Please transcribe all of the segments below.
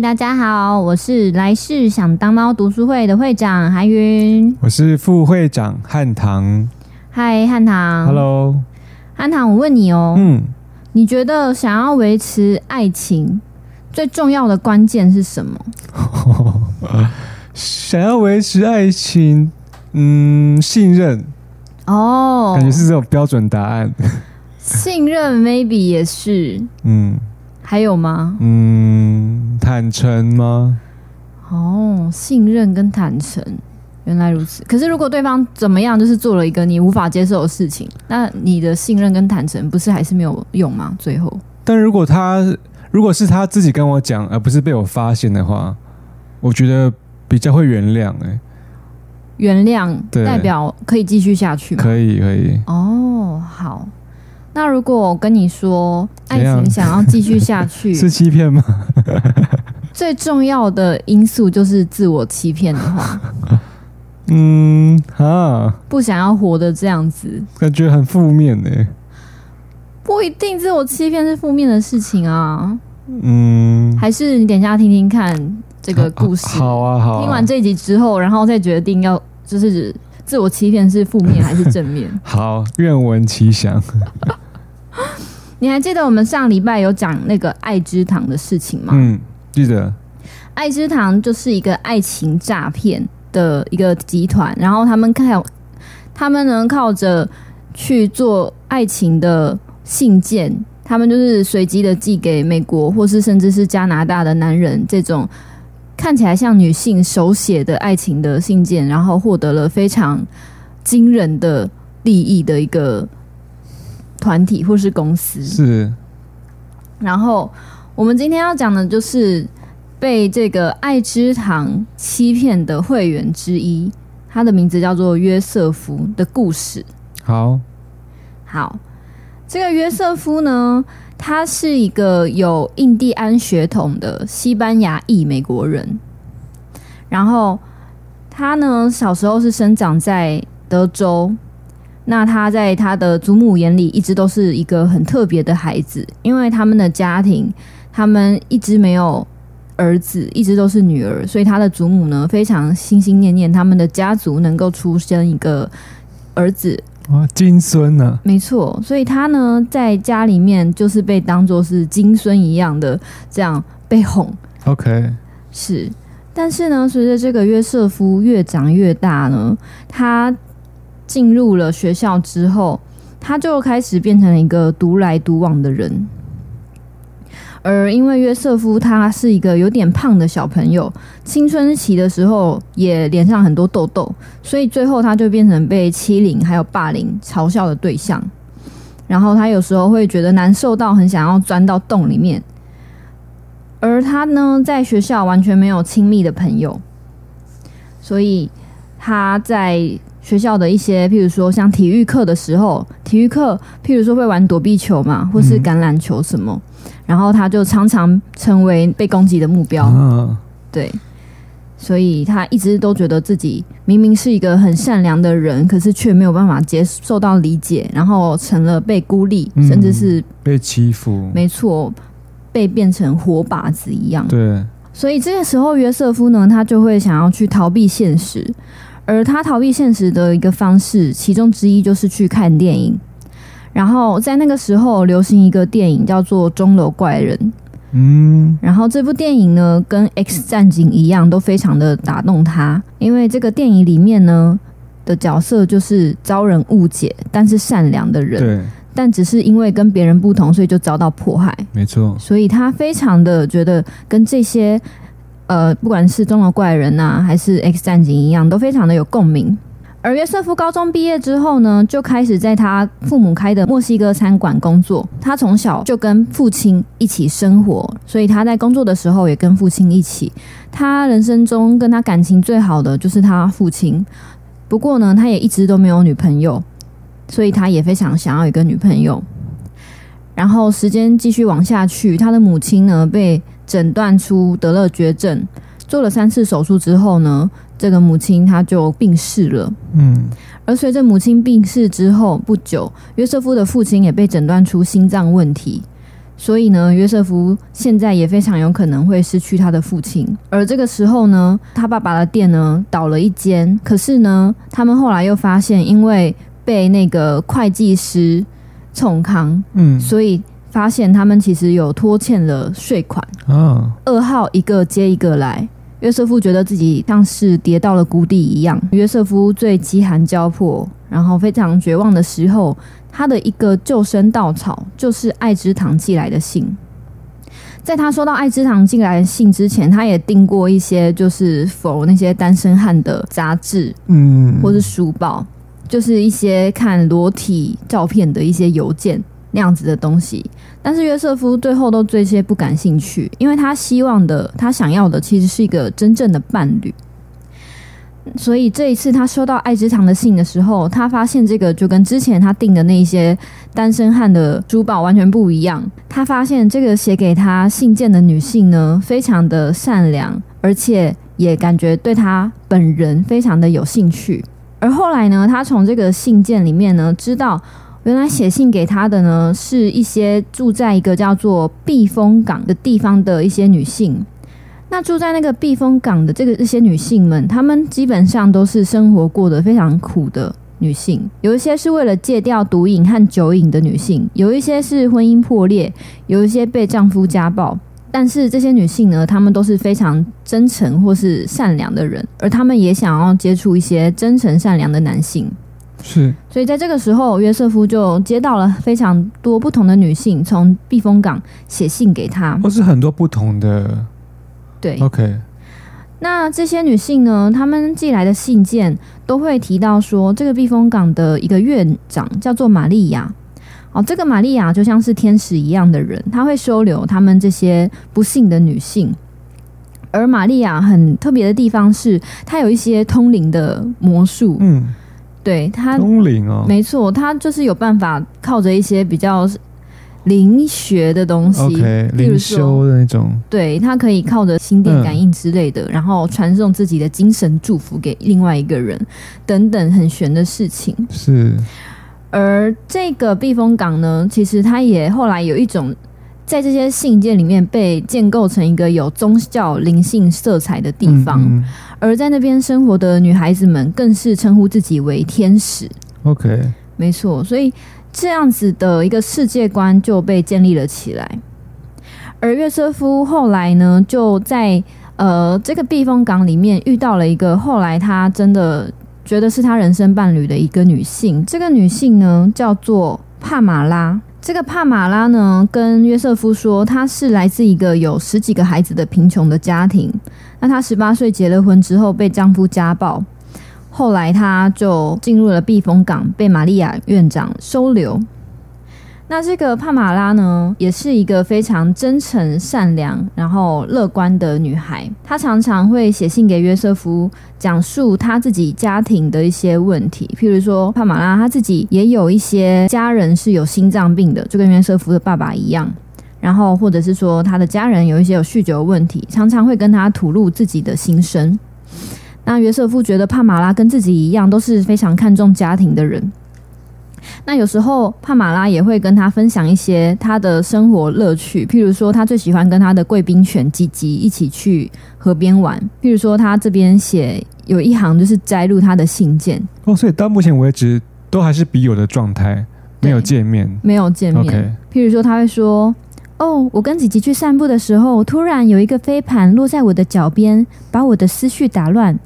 大家好，我是來世想當貓讀書會的會長韓雲，我是副會長漢唐。嗨，漢唐，Hello，漢唐，我問你哦，嗯，你覺得想要維持愛情最重要的關鍵是什麼？哦，想要維持愛情，嗯，信任哦，感覺是這種標準答案。信任，Maybe 也是，嗯。還有嗎？嗯，坦誠嗎？哦，信任跟坦誠，原來如此。可是如果對方怎麼樣，就是做了一個你無法接受的事情，那你的信任跟坦誠不是還是沒有用嗎？最後，但如果他如果是他自己跟我講，而不是被我發現的話，我覺得比較會原諒、欸。哎，原諒代表可以繼續下去嗎？可以，可以。哦，好。那如果我跟你說，愛、啊、情想要繼續下去 是欺騙騙嗎？ 最重要的因素就是自我欺騙的話， 嗯哈、啊，不想要活得這樣子，感覺很負面呢、欸。不一定，自我欺騙是負面的事情啊。嗯，還是你等一下聽聽看這個故事。啊啊好啊，好啊。聽完這一集之後，然後再決定要就是自我欺騙是負面還是正面。 好，願聞其詳。 你還記得我們上禮拜有講那個愛之堂的事情嗎？嗯，記得。愛之堂就是一個愛情詐騙的一個集團，然後他們看，他們呢靠着去做愛情的信件，他們就是隨機的寄給美國或是甚至是加拿大的男人，這種看起來像女性手寫的愛情的信件，然後獲得了非常驚人的利益的一個。團體或是公司是，然後我們今天要講的就是被這個愛之堂欺騙的會員之一，他的名字叫做約瑟夫的故事。好，好，這個約瑟夫呢，他是一個有印第安血統的西班牙裔美國人，然後他呢小時候是生長在德州。那他在他的祖母眼裡一直都是一個很特別的孩子，因為他們的家庭，他們一直沒有兒子，一直都是女兒，所以他的祖母呢非常心心念念他們的家族能夠出生一個兒子啊，金孫呢？沒錯，所以他呢在家裡面就是被當做是金孫一樣的這樣被哄。OK，是，但是呢，隨着這個約瑟夫越長越大呢，他。進入了學校之後，他就開始變成了一個獨來獨往的人。而因為約瑟夫他是一個有點胖的小朋友，青春期的時候也臉上很多痘痘，所以最後他就變成被欺凌，還有霸凌、嘲笑的對象。然後他有時候會覺得難受到很想要鑽到洞裡面。而他呢，在學校完全沒有親密的朋友，所以他在。學校的一些，譬如說像體育課的時候，體育課譬如說會玩躲避球嘛，或是橄欖球什麼，嗯，然後他就常常成為被攻擊的目標，啊。對，所以他一直都覺得自己明明是一個很善良的人，可是卻沒有辦法接受到理解，然後成了被孤立，嗯，甚至是被欺負。沒錯，被變成活靶子一樣。對，所以這個時候約瑟夫呢，他就會想要去逃避現實。而他逃避現實的一個方式，其中之一就是去看電影。然後在那個時候流行一個電影叫做《鐘樓怪人》，嗯，然後這部電影呢，跟《X 戰警》一樣，都非常的打動他。因為這個電影裡面呢的角色就是遭人誤解，但是善良的人，對，但只是因為跟別人不同，所以就遭到迫害。沒錯，所以他非常的覺得跟這些。呃，不管是《鐘樓怪人》啊吶，還是《X 戰警》一樣，都非常的有共鳴。而約瑟夫高中畢業之後呢，就開始在他父母開的墨西哥餐館工作。他從小就跟父親一起生活，所以他在工作的時候也跟父親一起。他人生中跟他感情最好的就是他父親。不過呢，他也一直都沒有女朋友，所以他也非常想要一個女朋友。然後時間繼續往下去，他的母親呢被診斷出得了絕症，做了三次手術之後呢，這個母親她就病逝了。嗯，而隨着母親病逝之後不久，約瑟夫的父親也被診斷出心臟問題，所以呢，約瑟夫現在也非常有可能會失去他的父親。而這個時候呢，他爸爸的店呢倒了一間，可是呢，他們後來又發現，因為被那個會計師重扛，嗯，所以。發現他們其實有拖欠了稅款。噩、oh. 耗一個接一個來。約瑟夫覺得自己像是跌到了谷底一樣。約瑟夫最飢寒交迫，然後非常絕望的時候，他的一個救生稻草就是愛之堂寄來的信。在他收到愛之堂寄來的信之前，他也訂過一些就是 for 那些單身漢的雜誌，嗯、mm.，或是書報，就是一些看裸體照片的一些郵件。那樣子的東西，但是約瑟夫最後都對這些不感興趣，因為他希望的，他想要的其實是一個真正的伴侶。所以這一次他收到愛之堂的信的時候，他發現這個就跟之前他訂的那些單身漢的珠寶完全不一樣。他發現這個寫給他信件的女性呢，非常的善良，而且也感覺對他本人非常的有興趣。而後來呢，他從這個信件裡面呢，知道。原來寫信給他的呢，是一些住在一個叫做避風港的地方的一些女性。那住在那個避風港的這個一些女性們，她們基本上都是生活過得非常苦的女性。有一些是為了戒掉毒癮和酒癮的女性，有一些是婚姻破裂，有一些被丈夫家暴。但是這些女性呢，她們都是非常真誠或是善良的人，而她們也想要接觸一些真誠善良的男性。是，所以在這個時候，約瑟夫就接到了非常多不同的女性從避風港寫信給他，或、哦、是很多不同的對。OK，那這些女性呢，她們寄來的信件都會提到說，這個避風港的一個院長叫做瑪利亞。哦，這個瑪利亞就像是天使一樣的人，她會收留她們這些不幸的女性。而瑪利亞很特別的地方是，她有一些通靈的魔術。嗯。對他、哦，沒錯，他就是有辦法靠着一些比較靈學的東西，okay，靈修的那種。對，他可以靠着心電感應之類的、嗯，然後傳送自己的精神祝福給另外一個人，等等很玄的事情。是，而這個避風港呢，其實他也後來有一種。在這些信件裡面被建構成一個有宗教靈性色彩的地方，嗯嗯，而在那邊生活的女孩子們更是稱呼自己為天使。OK，嗯，沒錯，所以這樣子的一個世界觀就被建立了起來。而約瑟夫後來呢，就在呃這個避風港裡面遇到了一個後來他真的覺得是他人生伴侶的一個女性。這個女性呢，叫做帕瑪拉。這個帕馬拉呢，跟約瑟夫說，他是來自一個有十幾個孩子的貧窮的家庭。那他十八歲結了婚之後，被丈夫家暴。後來他就進入了避風港，被瑪利亞院長收留。那這個帕瑪拉呢，也是一個非常真誠、善良、然後樂觀的女孩。她常常會寫信給約瑟夫，講述她自己家庭的一些問題。譬如說，帕瑪拉她自己也有一些家人是有心臟病的，就跟約瑟夫的爸爸一樣。然後，或者是說她的家人有一些有酗酒的問題，常常會跟他吐露自己的心聲。那約瑟夫覺得帕瑪拉跟自己一樣，都是非常看重家庭的人。那有時候帕馬拉也會跟他分享一些他的生活樂趣，譬如說他最喜歡跟他的貴賓犬吉吉一起去河邊玩。譬如說他這邊寫有一行就是摘錄他的信件哦，所以到目前為止都還是筆友的狀態，沒有見面，沒有見面。Okay. 譬如說他會說：“哦，我跟吉吉去散步的時候，突然有一個飛盤落在我的腳邊，把我的思緒打亂。”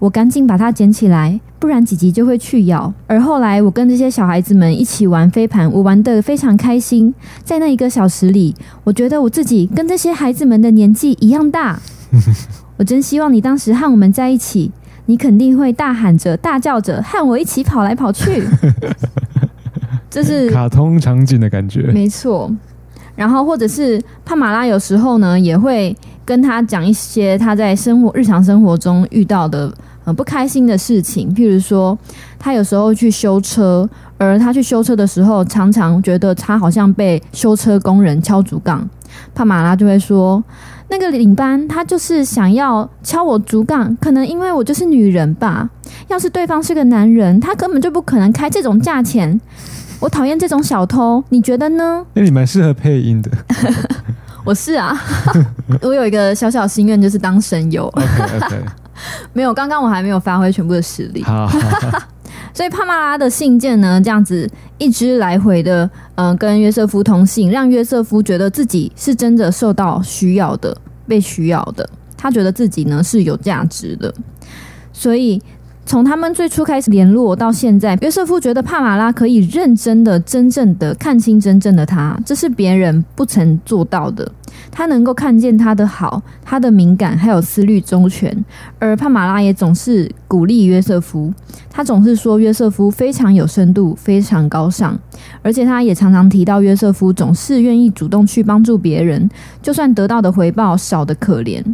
我趕緊把它撿起來，不然姐姐就會去咬。而後來，我跟這些小孩子們一起玩飛盤，我玩得非常開心。在那一個小時裡，我覺得我自己跟這些孩子們的年紀一樣大。 我真希望你當時和我們在一起，你肯定會大喊着、大叫着，和我一起跑來跑去。 這是卡通場景的感覺，沒錯。然後，或者是帕瑪拉有時候呢，也會跟他講一些他在生活、日常生活中遇到的。很不開心的事情，譬如說，他有時候去修車，而他去修車的時候，常常覺得他好像被修車工人敲竹槓。帕馬拉就會說：“那個領班他就是想要敲我竹槓，可能因為我就是女人吧？要是對方是個男人，他根本就不可能開這種價錢。”我討厭這種小偷，你覺得呢？那你蠻適合配音的 ，我是啊。 我有一個小小心願，就是當聲優。Okay, okay. 沒有，剛剛我還沒有發揮全部的實力。 所以帕馬拉的信件呢，這樣子一直來回的，嗯、呃，跟約瑟夫通信，讓約瑟夫覺得自己是真的受到需要的，被需要的。他覺得自己呢是有價值的，所以。從他們最初開始聯絡到現在，約瑟夫覺得帕馬拉可以認真的、真正的看清真正的他，這是別人不曾做到的。他能夠看見他的好、他的敏感，還有思慮周全。而帕馬拉也總是鼓勵約瑟夫，他總是說約瑟夫非常有深度、非常高尚，而且他也常常提到約瑟夫總是願意主動去幫助別人，就算得到的回報少得可憐。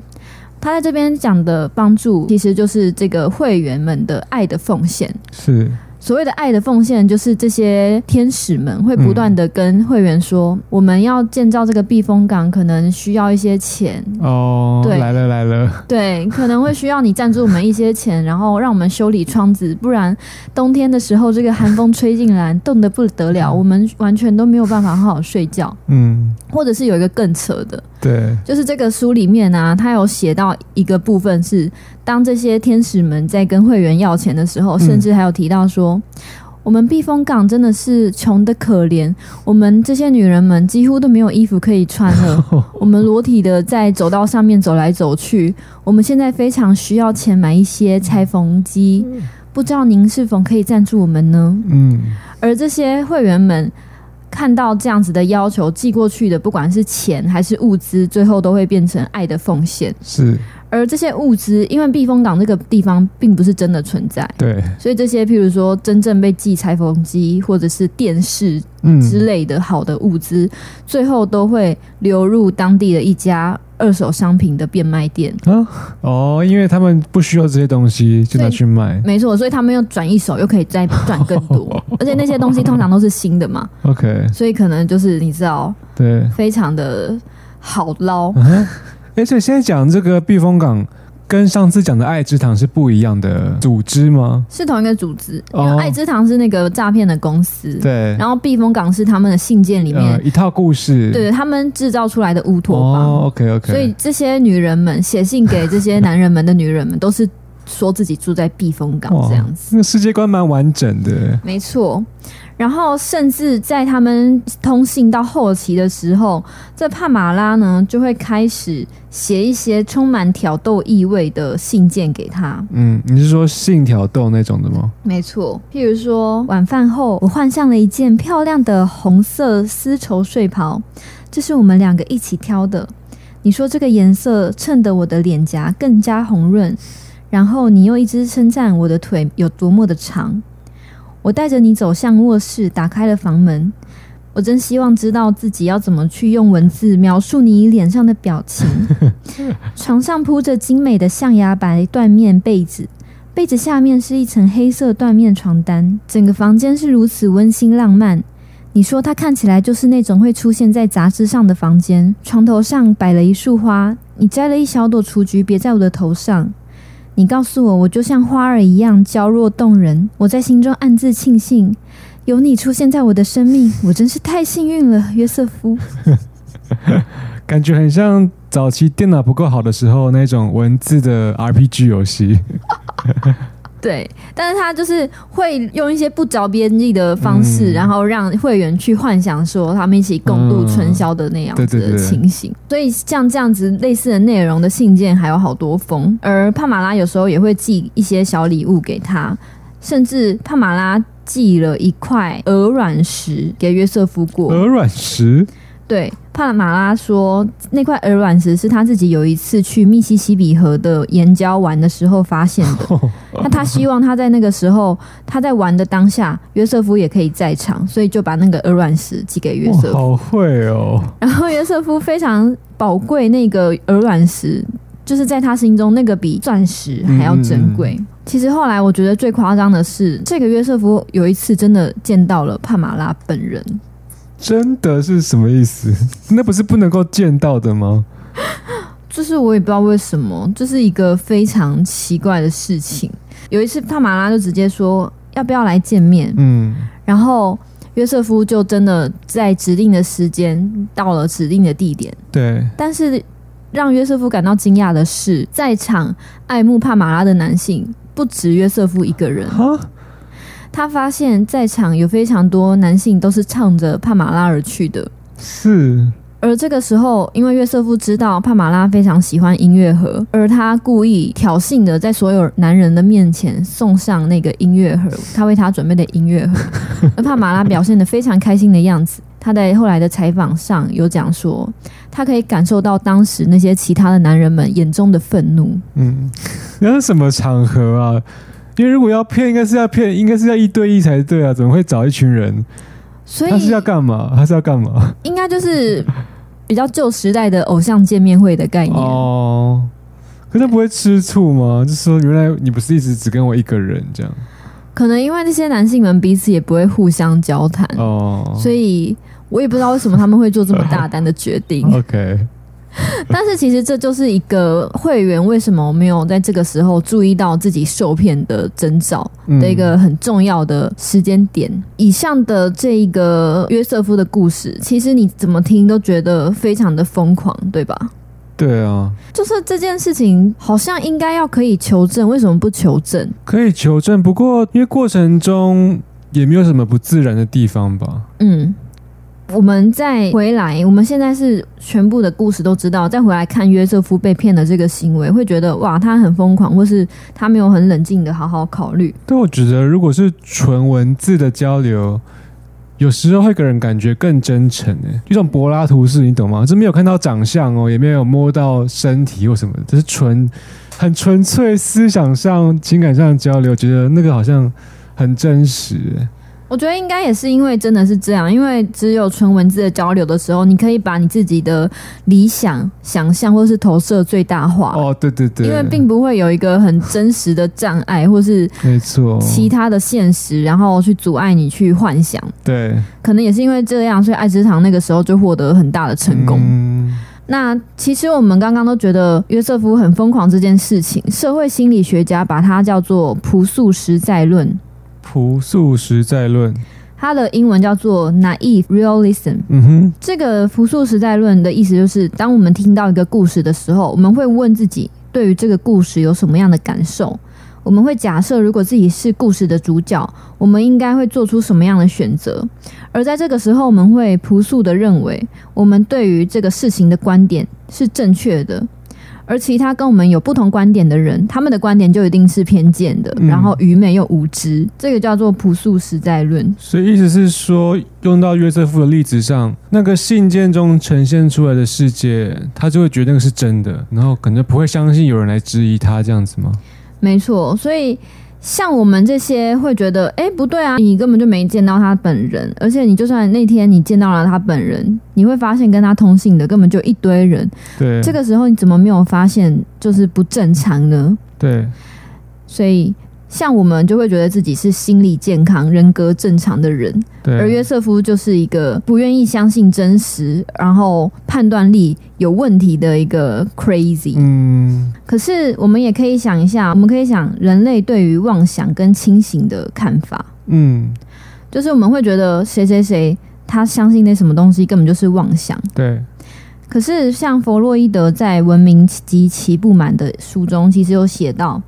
他在這邊講的幫助，其實就是這個會員們的愛的奉獻。是。所謂的愛的奉獻，就是這些天使們會不斷的跟會員說、嗯，我們要建造這個避風港，可能需要一些錢哦。對，來了來了。對，可能會需要你贊助我們一些錢，然後讓我們修理窗子，不然冬天的時候這個寒風吹進來，凍 得不得了、嗯，我們完全都沒有辦法好好睡覺。嗯，或者是有一個更扯的，對，就是這個書裡面啊，它有寫到一個部分是。當這些天使們在跟會員要錢的時候，甚至還有提到說：“嗯、我們避風港真的是窮得可憐，我們這些女人們幾乎都沒有衣服可以穿了，我們裸體的在走道上面走來走去，我們現在非常需要錢買一些裁縫機，不知道您是否可以贊助我們呢？”嗯，而這些會員們看到這樣子的要求寄過去的，不管是錢還是物資，最後都會變成愛的奉獻。是。而這些物資，因為避風港這個地方並不是真的存在，對，所以這些，譬如說，真正被寄裁縫機或者是電視之類的好的物資、嗯，最後都會流入當地的一家二手商品的變賣店、啊、哦，因為他們不需要這些東西就拿去賣，沒錯，所以他們又轉一手，又可以再賺更多， 而且那些東西通常都是新的嘛，OK，所以可能就是你知道，對，非常的好撈。Uh-huh 哎，所以現在講這個避風港跟上次講的愛之堂是不一樣的組織嗎？是同一個組織。哦，因為愛之堂是那個詐騙的公司，對。然後避風港是他們的信件裡面，呃，一套故事，對，他們製造出來的烏托邦。哦，OK OK。所以這些女人們寫信給這些男人們的女人們，都是。說自己住在避風港這樣子，那世界觀蠻完整的，沒錯。然後，甚至在他們通信到後期的時候，在帕馬拉呢，就會開始寫一些充滿挑逗意味的信件給他。嗯，你是說性挑逗那種的嗎？沒錯。譬如說，晚飯後，我換上了一件漂亮的紅色絲綢睡袍，這是我們兩個一起挑的。你說這個顏色襯得我的臉頰更加紅潤。然後你又一直稱讚我的腿有多麼的長。我帶着你走向臥室，打開了房門。我真希望知道自己要怎麼去用文字描述你臉上的表情。 床上鋪着精美的象牙白緞面被子，被子下面是一層黑色緞面床單。整個房間是如此溫馨浪漫。你說它看起來就是那種會出現在雜誌上的房間。床頭上擺了一束花，你摘了一小朵雛菊別在我的頭上。你告訴我，我就像花兒一樣嬌弱動人。我在心中暗自慶幸，有你出現在我的生命，我真是太幸運了，約瑟夫。 感覺很像早期電腦不夠好的時候那種文字的 RPG 遊戲。 對，但是他就是會用一些不着邊際的方式，嗯，然後讓會員去幻想說他們一起共度春宵的那樣子的情形。嗯，對對對。所以像這樣子類似的內容的信件還有好多封，而帕馬拉有時候也會寄一些小禮物給他，甚至帕馬拉寄了一塊鵝卵石給約瑟夫過。鵝卵石，對。帕瑪拉說：“那塊鵝卵石是他自己有一次去密西西比河的岩礁玩的時候發現的。那 他希望他在那個時候，他在玩的當下，約瑟夫也可以在場，所以就把那個鵝卵石寄給約瑟夫。哦，好會哦！然後約瑟夫非常寶貴那個鵝卵石，就是在他心中那個比鑽石還要珍貴。嗯。其實後來我覺得最誇張的是，這個約瑟夫有一次真的見到了帕瑪拉本人。”真的是什麼意思？那不是不能夠見到的嗎？就是我也不知道為什麼，這是一個非常奇怪的事情。有一次，帕馬拉就直接說：“要不要來見面？”嗯，然後約瑟夫就真的在指定的時間到了指定的地點。對，但是讓約瑟夫感到驚訝的是，在場愛慕帕馬拉的男性不止約瑟夫一個人。他發現，在場有非常多男性都是唱着帕馬拉而去的。是。而這個時候，因為約瑟夫知道帕馬拉非常喜歡音樂盒，而他故意挑釁地在所有男人的面前送上那個音樂盒，他為他準備的音樂盒。 而帕馬拉表現得非常開心的樣子。他在後來的採訪上有講說，他可以感受到當時那些其他的男人們眼中的憤怒。嗯，那是什麼場合啊？因為如果要騙，應該是要騙，應該是要一對一才對啊！怎麼會找一群人？所以他是要幹嘛？他是要幹嘛？應該就是比較舊時代的偶像見面會的概念哦。Oh, 可是不會吃醋嗎？就說原來你不是一直只跟我一個人這樣？可能因為那些男性們彼此也不會互相交談哦，oh. 所以我也不知道為什麼他們會做這麼大膽的決定。 OK。 但是其實這就是一個會員為什麼沒有在這個時候注意到自己受騙的徵兆的一個很重要的時間點。嗯。以上的這一個約瑟夫的故事，其實你怎麼聽都覺得非常的瘋狂，對吧？對啊，就是這件事情好像應該要可以求證，為什麼不求證？可以求證，不過因為過程中也沒有什麼不自然的地方吧？嗯。我們再回來，我們現在是全部的故事都知道，再回來看約瑟夫被騙的這個行為，會覺得哇，他很瘋狂，或是他沒有很冷靜的好好考慮。對，我覺得如果是純文字的交流，嗯、有時候會給人感覺更真誠誒，一種柏拉圖式，你懂嗎？就是沒有看到長相哦，也沒有摸到身體或什麼的，就是純很純粹思想上、情感上的交流，覺得那個好像很真實。我覺得應該也是因為真的是這樣，因為只有純文字的交流的時候，你可以把你自己的理想、想象或是投射最大化。哦，對對對，因為並不會有一個很真實的障礙，或是沒錯，其他的現實，然後去阻礙你去幻想。對，可能也是因為這樣，所以愛之堂那個時候就獲得了很大的成功。嗯。那其實我們剛剛都覺得約瑟夫很瘋狂這件事情，社會心理學家把它叫做樸素實在論。樸素實在論，它的英文叫做 naive realism。嗯哼，這個樸素實在論的意思就是，當我們聽到一個故事的時候，我們會問自己對於這個故事有什麼樣的感受；我們會假設如果自己是故事的主角，我們應該會做出什麼樣的選擇；而在這個時候，我們會樸素的認為我們對於這個事情的觀點是正確的。而其他跟我們有不同觀點的人，他們的觀點就一定是偏見的，嗯、然後愚昧又無知，這個叫做樸素實在論。所以意思是說，用到約瑟夫的例子上，那個信件中呈現出來的世界，他就會覺得那個是真的，然後可能不會相信有人來質疑他這樣子嗎？沒錯，所以。像我們這些會覺得，哎，不對啊，你根本就沒見到他本人，而且你就算那天你見到了他本人，你會發現跟他通信的根本就一堆人。對，這個時候你怎麼沒有發現就是不正常呢？對，所以。像我們就會覺得自己是心理健康、人格正常的人，而約瑟夫就是一個不願意相信真實，然後判斷力有問題的一個 crazy。嗯，可是我們也可以想一下，我們可以想人類對於妄想跟清醒的看法。嗯，就是我們會覺得誰誰誰他相信那什麼東西根本就是妄想。對，可是像弗洛伊德在《文明及其不滿》的書中，其實有寫到。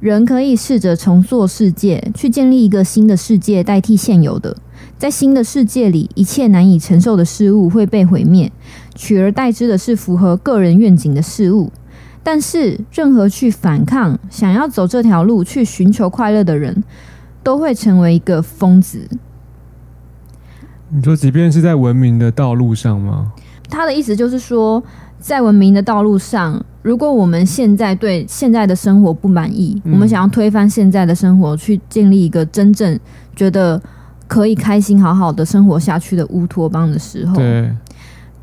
人可以試着重塑世界，去建立一個新的世界代替現有的。在新的世界裡，一切難以承受的事物會被毀滅，取而代之的是符合個人願景的事物。但是，任何去反抗、想要走這條路去尋求快樂的人，都會成為一個瘋子。你說，即便是在文明的道路上嗎？他的意思就是說。在文明的道路上，如果我們現在對現在的生活不滿意，嗯，我們想要推翻現在的生活，去建立一個真正覺得可以開心好好的生活下去的烏托邦的時候，對，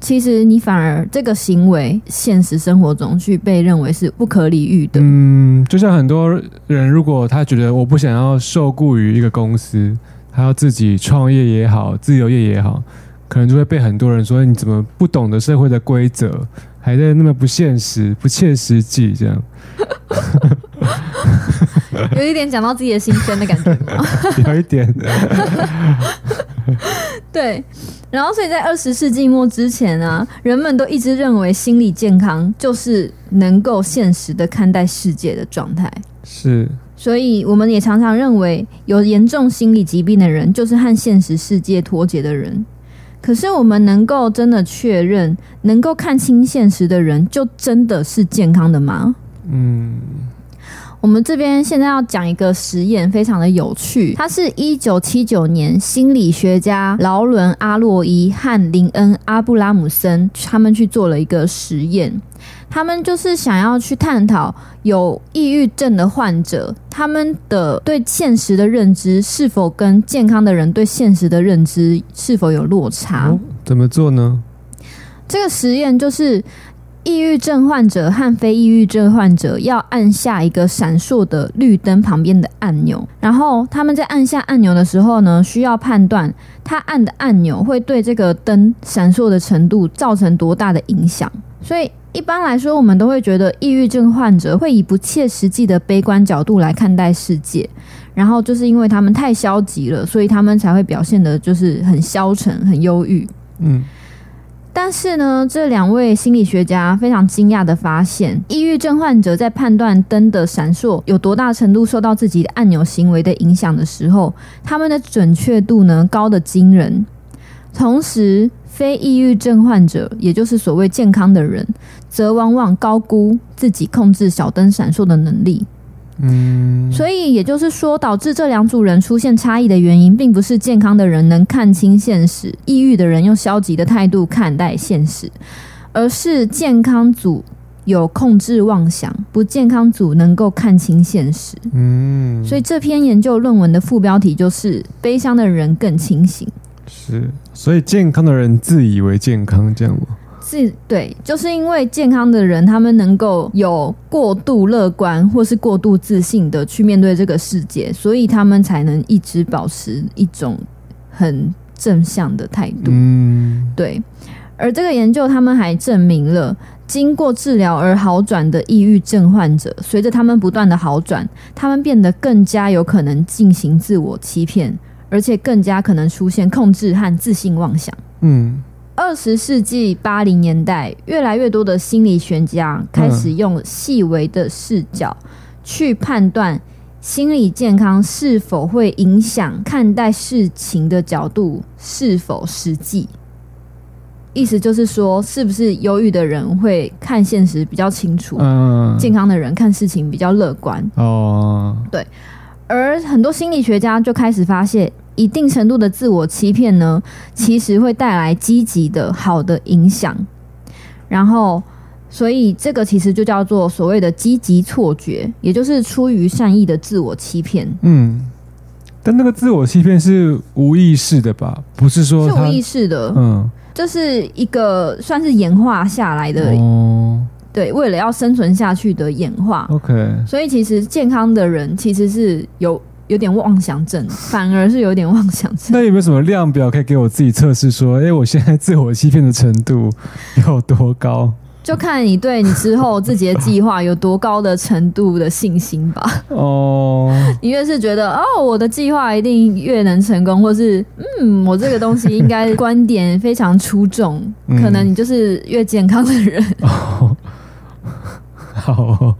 其實你反而這個行為現實生活中去被認為是不可理喻的。嗯，就像很多人如果他覺得我不想要受雇於一個公司，他要自己創業也好，自由業也好。可能就會被很多人說：“你怎麼不懂得社會的規則，還在那麼不現實、不切實際？”這樣， 有一點講到自己的心聲的感覺， 有一點的。 對，然後，所以在二十世紀末之前呢、啊，人們都一直認為心理健康就是能夠現實地看待世界的狀態。是，所以我們也常常認為，有嚴重心理疾病的人就是和現實世界脫節的人。可是，我們能夠真的確認、能夠看清現實的人，就真的是健康的嗎？嗯。我們這邊現在要講一個實驗，非常的有趣。它是一九七九年心理學家勞倫阿洛伊和林恩阿布拉姆森他們去做了一個實驗，他們就是想要去探討有抑鬱症的患者，他們的對現實的認知是否跟健康的人對現實的認知是否有落差？哦？怎麼做呢？這個實驗就是。抑鬱症患者和非抑鬱症患者要按下一個閃爍的綠燈旁邊的按鈕，然後他們在按下按鈕的時候呢，需要判斷他按的按鈕會對這個燈閃爍的程度造成多大的影響。所以一般來說，我們都會覺得抑鬱症患者會以不切實際的悲觀角度來看待世界，然後就是因為他們太消極了，所以他們才會表現得就是很消沉、很憂鬱。嗯。但是呢，這兩位心理學家非常驚訝地發現，抑鬱症患者，在判斷燈的閃爍有多大程度受到自己的按鈕行為的影響的時候，他們的準確度呢，高得驚人。同時，非抑鬱症患者，也就是所謂健康的人，則往往高估自己控制小燈閃爍的能力。嗯，所以也就是說，導致這兩組人出現差異的原因，並不是健康的人能看清現實，抑鬱的人用消極的態度看待現實，而是健康組有控制妄想，不健康組能夠看清現實。嗯，所以這篇研究論文的副標題就是“悲傷的人更清醒”。是，所以健康的人自以為健康，這樣嗎？是，對，就是因為健康的人，他們能夠有過度樂觀或是過度自信的去面對這個世界，所以他們才能一直保持一種很正向的態度。嗯，對。而這個研究，他們還證明了，經過治療而好轉的抑鬱症患者，隨着他們不斷的好轉，他們變得更加有可能進行自我欺騙，而且更加可能出現控制和自信妄想。嗯。二十世紀八零年代，越來越多的心理學家開始用細微的視角去判斷心理健康是否會影響看待事情的角度是否實際。意思就是說，是不是憂鬱的人會看現實比較清楚，嗯，健康的人看事情比較樂觀哦。嗯，對，而很多心理學家就開始發現。一定程度的自我欺騙呢，其實會帶來積極的好的影響。然後，所以這個其實就叫做所謂的積極錯覺，也就是出於善意的自我欺騙。嗯，但那個自我欺騙是無意識的吧？不是說，是無意識的。嗯，這是一個算是演化下來的，哦，對，為了要生存下去的演化。OK，所以其實健康的人其實是有。有點妄想症，反而是有點妄想症。那有沒有什麼量表可以給我自己測試？說，哎、欸，我現在自我欺騙的程度有多高？就看你對你之後自己的計劃有多高的程度的信心吧。哦、 oh...，你越是覺得哦，oh, 我的計劃一定越能成功，或是嗯，我這個東西應該觀點非常出眾， 可能你就是越健康的人。Oh... 好、哦。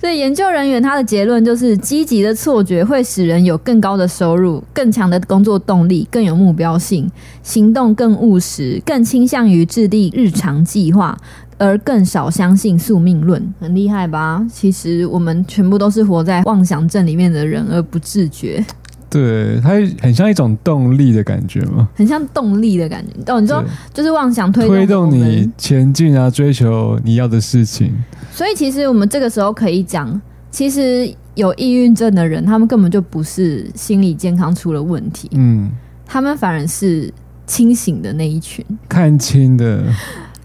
所 以研究人員他的結論就是，積極的錯覺會使人有更高的收入、更強的工作動力、更有目標性、行動更務實、更傾向於制定日常計劃，而更少相信宿命論。很厲害吧？其實我們全部都是活在妄想症裡面的人，而不自覺。對，它很像一種動力的感覺嘛，很像動力的感覺。哦，你說就是妄想推動推動你前進啊，追求你要的事情。所以，其實我們這個時候可以講，其實有抑鬱症的人，他們根本就不是心理健康出了問題。嗯，他們反而是清醒的那一群，看清的。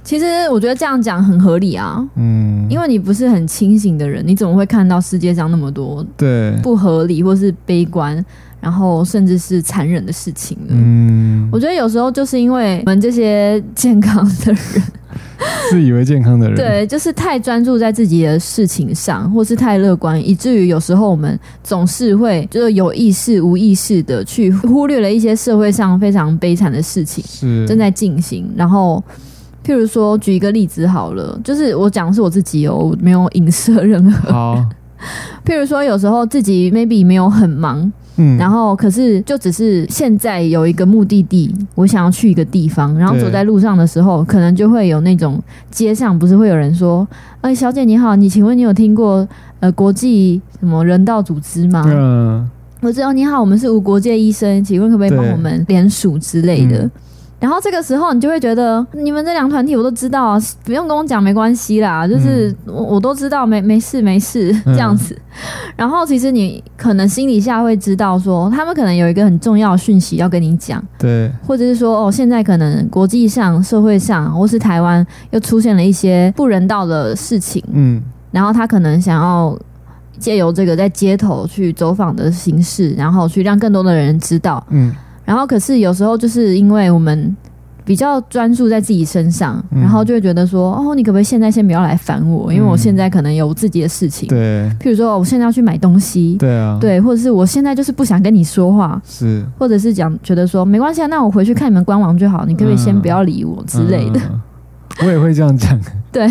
其實我覺得這樣講很合理啊。嗯，因為你不是很清醒的人，你怎麼會看到世界上那麼多對不合理或是悲觀？然後甚至是殘忍的事情。嗯，我覺得有時候就是因為我們這些健康的人， 自以為健康的人，對，就是太專注在自己的事情上，或是太樂觀，以 至於有時候我們總是會就是有意識、無意識的去忽略了一些社會上非常悲慘的事情是正在進行。然後，譬如說，舉一個例子好了，就是我講的是我自己哦，我沒有影射任何。好， 譬如說，有時候自己 maybe 沒有很忙。嗯，然後，可是就只是現在有一個目的地，我想要去一個地方。然後走在路上的時候，可能就會有那種街上不是會有人說：“哎、欸，小姐你好，你請問你有聽過呃國際什麼人道組織嗎？”嗯，我知道你好，我們是無國界醫生，請問可不可以幫我們聯署之類的？嗯然後這個時候，你就會覺得你們這兩團體我都知道啊，不用跟我講，沒關係啦，就是、嗯、我我都知道，沒沒事沒事這樣子、嗯。然後其實你可能心底下會知道說，說他們可能有一個很重要的訊息要跟你講，對，或者是說哦，現在可能國際上、社會上或是台灣又出現了一些不人道的事情，嗯，然後他可能想要借由這個在街頭去走訪的形式，然後去讓更多的人知道，嗯。然後，可是有時候，就是因為我們比較專注在自己身上、嗯，然後就會覺得說，哦，你可不可以現在先不要來煩我？因為我現在可能有自己的事情。對、嗯。譬如說，我現在要去買東西。對啊。對，或者是我現在就是不想跟你說話。是。或者是講，覺得說沒關係啊，那我回去看你們官網就好。你可不可以先不要理我、嗯、之類的、嗯。我也會這樣講。 對。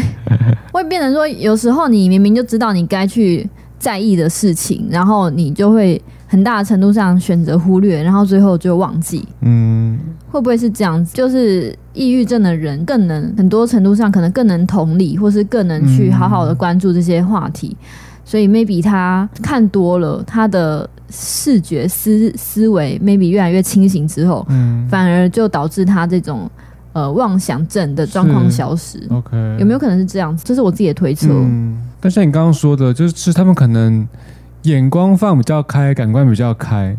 會變成說，有時候你明明就知道你該去。在意的事情，然後你就會很大程度上選擇忽略，然後最後就忘記。嗯，會不會是這樣子？就是抑鬱症的人更能很多程度上可能更能同理，或是更能去好好的關注這些話題，嗯、所以 maybe 他看多了，他的視覺思思維 maybe 越來越清醒之後，嗯、反而就導致他這種。呃，妄想症的狀況消失，OK，有沒有可能是這樣？這是我自己的推測。嗯，但像你剛剛說的，就是是他們可能眼光放比較開，感官比較開，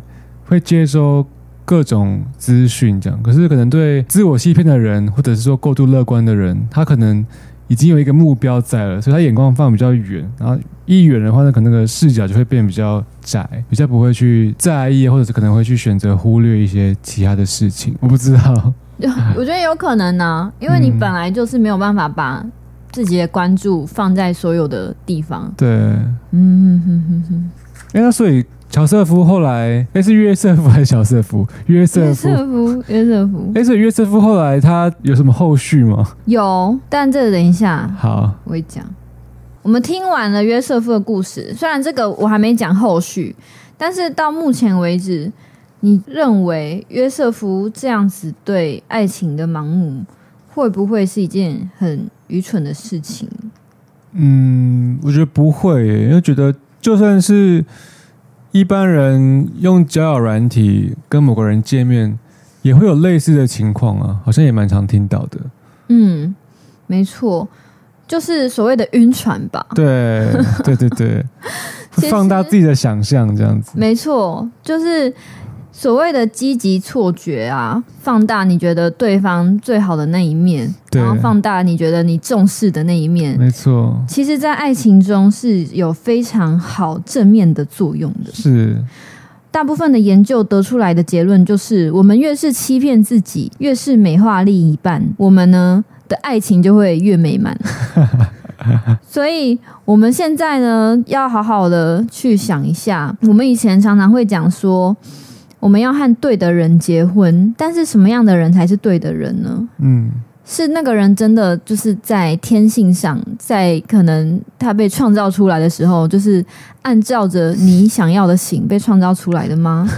會接收各種資訊，這樣。可是可能對自我欺騙的人，或者是說過度樂觀的人，他可能。已經有一個目標在了，所以他眼光放比較遠，然後，一遠的話呢，可能那個視角就會變比較窄，比較不會去在意，或者是可能會去選擇忽略一些其他的事情。我不知道，我覺得有可能呢、啊，因為你本來就是沒有辦法把自己的關注放在所有的地方。嗯、對，嗯哼哼哼，哎，那所以。喬瑟夫後來，那是約瑟夫還是喬瑟夫？約瑟夫，約瑟夫，哎，這 約，約瑟夫後來他有什麼後續嗎？有，但這個等一下。好，我會講。我們聽完了約瑟夫的故事，雖然這個我還沒講後續，但是到目前為止，你認為約瑟夫這樣子對愛情的盲目，會不會是一件很愚蠢的事情？嗯，我覺得不會，因為覺得就算是。一般人用交友軟體跟某個人見面，也會有類似的情況啊，好像也蠻常聽到的。嗯，沒錯，就是所謂的暈船吧？對，對對對， 放大自己的想象這樣子。嗯，沒錯，就是。所謂的積極錯覺啊，放大你覺得對方最好的那一面，然後放大你覺得你重視的那一面，沒錯。其實，在愛情中是有非常好正面的作用的。是，大部分的研究得出來的結論就是，我們越是欺騙自己，越是美化另一半，我們呢的愛情就會越美滿。所以，我們現在呢，要好好的去想一下，我們以前常常會講說。我們要和對的人結婚，但是什麼樣的人才是對的人呢？嗯，是那個人真的就是在天性上，在可能他被創造出來的時候，就是按照着你想要的型被創造出來的嗎？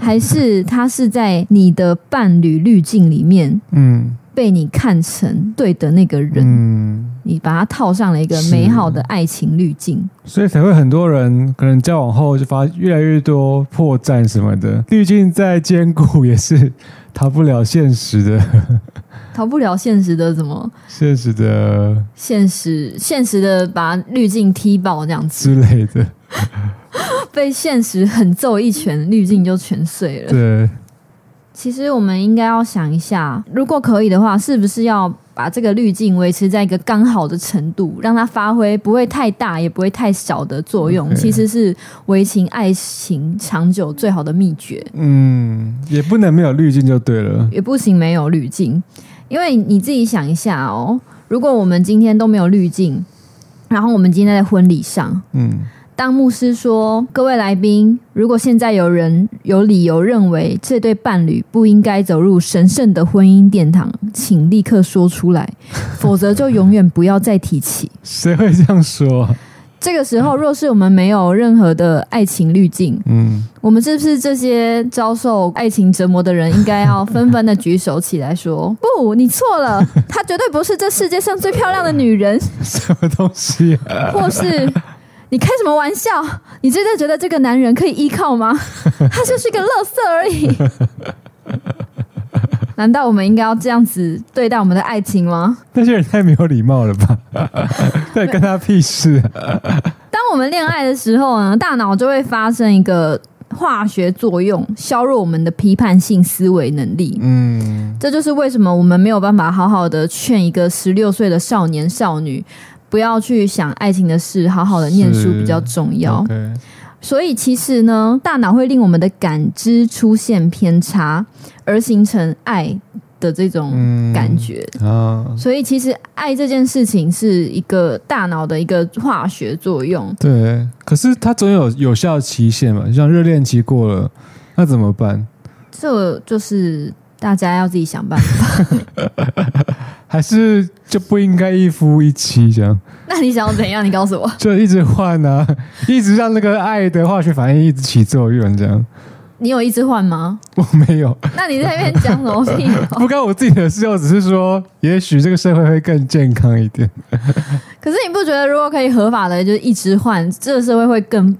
還是他是在你的伴侶濾鏡裡面，嗯，被你看成對的那個人？嗯嗯你把它套上了一個美好的愛情濾鏡，所以才會很多人可能再往後就發越來越多破綻什麼的。濾鏡再堅固也是逃不了現實的，逃不了現實的怎麼？現實的，現實，現實的把濾鏡踢爆這樣子之類的， 被現實狠揍一拳，濾鏡就全碎了。對，其實我們應該要想一下，如果可以的話，是不是要？把這個濾鏡維持在一個剛好的程度，讓它發揮不會太大，也不會太小的作用，okay. 其實是維持愛情長久最好的秘訣。嗯，也不能沒有濾鏡就對了，也不行沒有濾鏡，因為你自己想一下哦，如果我們今天都沒有濾鏡，然後我們今天在婚禮上，嗯。當牧師說：“各位來賓，如果現在有人有理由認為這對伴侶不應該走入神聖的婚姻殿堂，請立刻說出來，否則就永遠不要再提起。”誰會這樣說？這個時候，若是我們沒有任何的愛情濾鏡，嗯，我們是不是這些遭受愛情折磨的人，應該要紛紛的舉手起來說：“ 不，你錯了，她絕對不是這世界上最漂亮的女人。”什麼東西啊？或是？你開什麼玩笑？你真的覺得這個男人可以依靠嗎？他就是一個垃圾而已。 難道我們應該要這樣子對待我們的愛情嗎？那有點太沒有禮貌了吧？ 對，跟他屁事。當我們戀愛的時候呢，大腦就會發生一個化學作用，削弱我們的批判性思維能力。嗯，這就是為什麼我們沒有辦法好好的勸一個十六歲的少年少女。不要去想愛情的事，好好的念書比較重要。Okay、所以其實呢，大腦會令我們的感知出現偏差，而形成愛的這種感覺。嗯、所以其實愛這件事情是一個大腦的一個化學作用。對，可是它總有有效期限嘛，像熱戀期過了，那怎麼辦？這就是大家要自己想辦法。 還是就不應該一夫一妻這樣？那你想要怎樣？你告訴我， 就一直換啊，一直讓那個愛的化學反應一直起作用，這樣。你有一直換嗎？我沒有。那你在那邊講什麼屁哦？ 不關我自己的事，我只是說，也許這個社會會更健康一點。 可是你不覺得，如果可以合法的就是一直換，這個社會會更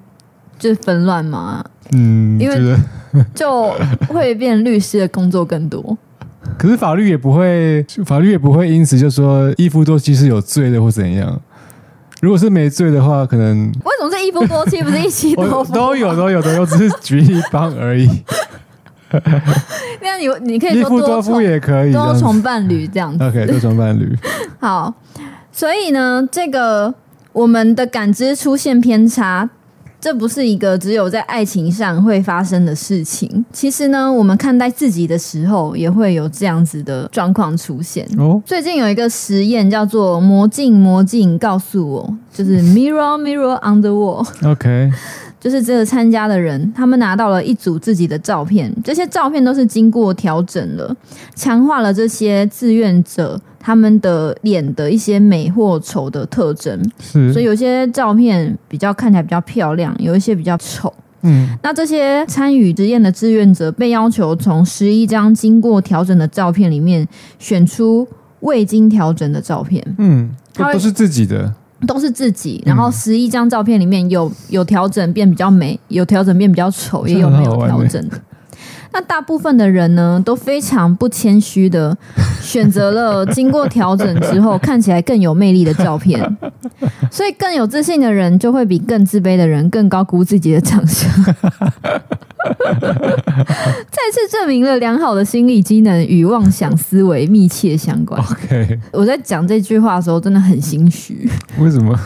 就紛亂嗎？嗯，因為就會變律師的工作更多。可是法律也不會，法律也不會因此就說一夫多妻是有罪的或怎樣。如果是沒罪的話，可能為什麼是一夫多妻不是一妻多夫？都有都有都有，只是舉例方而已。這 樣，你你可以說一夫多夫，也可以多重伴侶這樣子，OK 多重伴侶。 好，所以呢，這個我們的感知出現偏差。這不是一個只有在愛情上會發生的事情。其實呢，我們看待自己的時候，也會有這樣子的狀況出現。最近有一個實驗叫做《魔鏡魔鏡告訴我》就是 Mirror Mirror on the wall，OK，okay，就是這個參加的人，他們拿到了一組自己的照片，這些照片都是經過調整了，強化了這些志願者。他們的臉的一些美或醜的特徵，是。所以有些照片比較看起來比較漂亮，有一些比較醜。嗯，那這些參與實驗的志願者被要求從十一張經過調整的照片裡面選出未經調整的照片。嗯，他都、都是自己的，都是自己。然後十一張照片裡面有有調整變比較美，有調整變比較醜，也有沒有調整的。那大部分的人呢，都非常不謙虛的，選擇了經過調整之後看起來更有魅力的照片，所以更有自信的人就會比更自卑的人更高估自己的長相， 再次證明了良好的心理機能與妄想思維密切相關。OK，我在講這句話的時候真的很心虛，為什麼？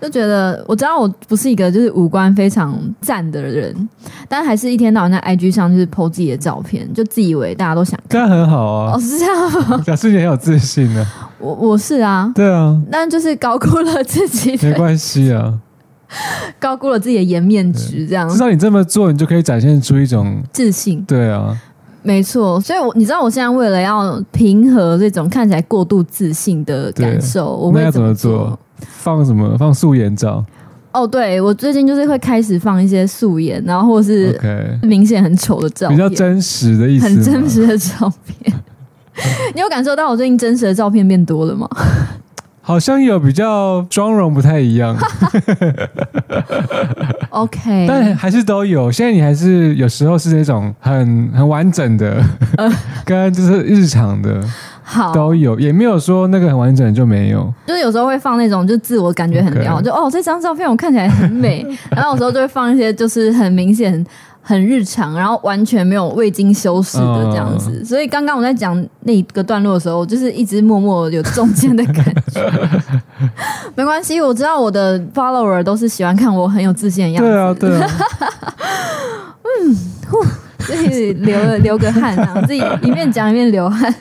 就覺得我知道我不是一個就是五官非常讚的人，但還是一天到晚在 IG 上就是 po 自己的照片，就自以為大家都想看，這樣很好啊。哦，是這樣嗎？表示你很有自信呢、啊。我我是啊，對啊。但就是高估了自己，沒關係啊。高估了自己的顏面值，這樣至少你這麼做，你就可以展現出一種自信。對啊，沒錯。所以我，我你知道我現在為了要平和這種看起來過度自信的感受，我們要怎麼做？放什麼？放素顏照？哦，oh，對，我最近就是會開始放一些素顏，然後或是明顯很醜的照片，Okay. 比較真實的意思，很真實的照片。 你有感受到我最近真實的照片變多了嗎？好像有，比較妝容不太一樣。 OK，但還是都有。現在你還是有時候是那種很很完整的，剛剛就是日常的。好，都有，也沒有說那個很完整就沒有，就是有時候會放那種就自我感覺很良好，okay. 就哦這張照片我看起來很美， 然後有時候就會放一些就是很明顯很日常，然後完全沒有未經修飾的這樣子。嗯，所以剛剛我在講那一個段落的時候，我就是一直默默有中間的感覺， 沒關係，我知道我的 follower 都是喜歡看我很有自信的樣子，對啊對啊， 嗯，自己流了流個汗，然後自己一面講一面流汗。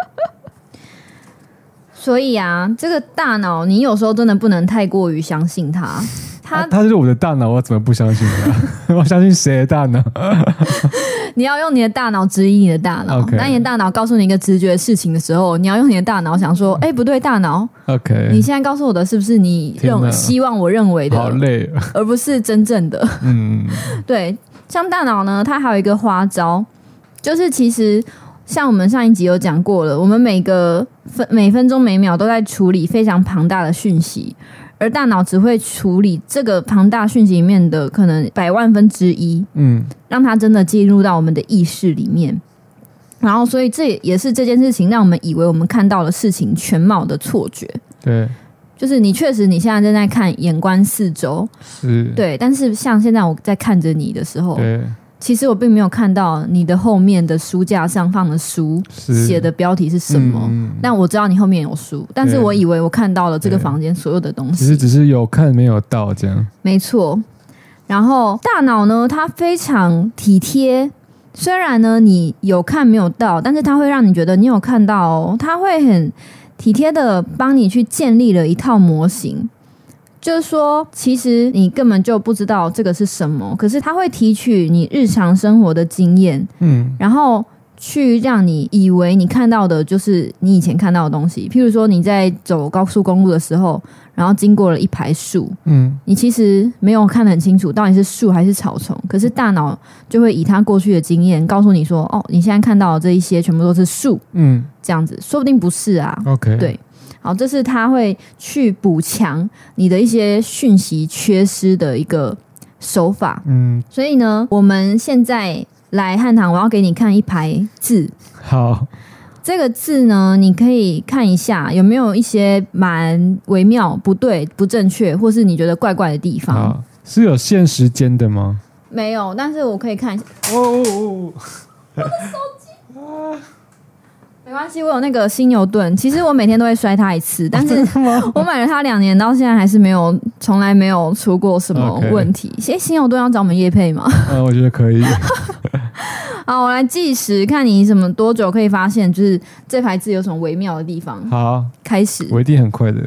所以啊，這個大腦，你有時候真的不能太過於相信他。他，他、啊、是我的大腦，我怎麼不相信他、啊？ 我相信誰的大腦？ 你要用你的大腦指引你的大腦。當、okay. 你的大腦告訴你一個直覺事情的時候，你要用你的大腦想說：哎、欸，不對，大腦。OK，你現在告訴我的是不是你希望我認為的？好累，而不是真正的。嗯， 對。像大腦呢，它還有一個花招，就是其實。像我們上一集有講過了，我們每個分每分鐘每秒都在處理非常龐大的訊息，而大腦只會處理這個龐大訊息裡面的可能百萬分之一。嗯，讓它真的進入到我們的意識裡面。然後，所以這也是這件事情讓我們以為我們看到了事情全貌的錯覺。對，就是你確實你現在正在看，眼觀四周是對，但是像現在我在看着你的時候。其實我並沒有看到你的後面的書架上放的書寫的標題是什麼是、嗯，但我知道你後面有書，但是我以為我看到了這個房間所有的東西，其實只是有看沒有到這樣，嗯、沒錯。然後大腦呢，它非常體貼，雖然呢你有看沒有到，但是它會讓你覺得你有看到、哦，它會很體貼的幫你去建立了一套模型。就是說，其實你根本就不知道這個是什麼，可是它會提取你日常生活的經驗，嗯，然後去讓你以為你看到的就是你以前看到的東西。譬如說，你在走高速公路的時候，然後經過了一排樹，嗯，你其實沒有看得很清楚到底是樹還是草叢，可是大腦就會以它過去的經驗告訴你說：“哦，你現在看到的這一些全部都是樹。”嗯，這樣子說不定不是啊。OK，對。好，這是他會去補強你的一些訊息缺失的一個手法。嗯，所以呢，我們現在來漢唐，我要給你看一排字。好，這個字呢，你可以看一下有沒有一些蠻微妙，不對，不正確，或是你覺得怪怪的地方。是有限時間的嗎？沒有，但是我可以看一下。哦，哦，哦，哦， 我的手機 沒關係，我有那個犀牛盾。其實我每天都會摔它一次，但是我買了它兩年到現在還是沒有，從來沒有出過什麼問題。新、okay. 欸、犀牛盾要找我們業配嗎？啊？我覺得可以。 好，我來計時，看你什麼多久可以發現，就是這排字有什麼微妙的地方。好，開始，我一定很快的。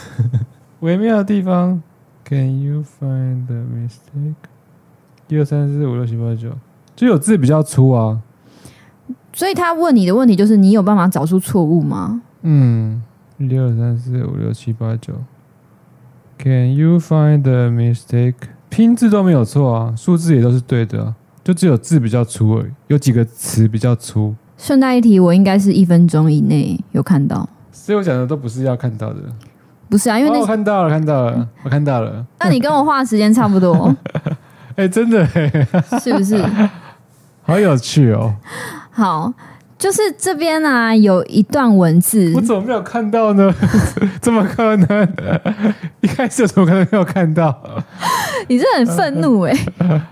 微妙的地方，Can you find the mistake？一二三四五六七八九，就有字比較粗啊。所以他問你的問題就是：你有辦法找出錯誤嗎？嗯，六三四五六七八九。Can you find the mistake？拼字都沒有錯啊，數字也都是對的、啊，就只有字比較粗而、欸、已。有幾個詞比較粗。順帶一提，我應該是一分鐘以內有看到，所以我講的都不是要看到的。不是啊，因為那、哦、我看到了，看到了，我看到了。 那你跟我花的時間差不多。哎、 欸，真的、欸， 是不是？好有趣哦。好，就是這邊呢、啊，有一段文字，我怎麼沒有看到呢？怎麼可能？ 一開始怎麼可能沒有看到？你真的很憤怒哎、欸！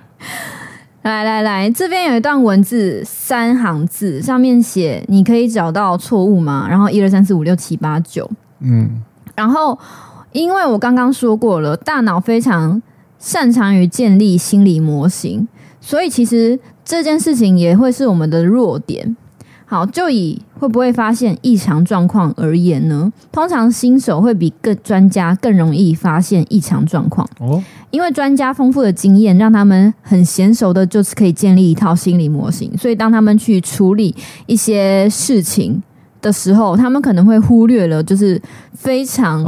來來來，這邊有一段文字，三行字，上面寫：“你可以找到錯誤嗎？”然後一二三四五六七八九。嗯，然後因為我剛剛說過了，大腦非常擅長於建立心理模型，所以其實。這件事情也會是我們的弱點。好，就以會不會發現異常狀況而言呢，通常新手會比各專家更容易發現異常狀況哦，因為專家豐富的經驗讓他們很嫻熟的，就是可以建立一套心理模型。所以當他們去處理一些事情。的時候，他們可能會忽略了，就是非常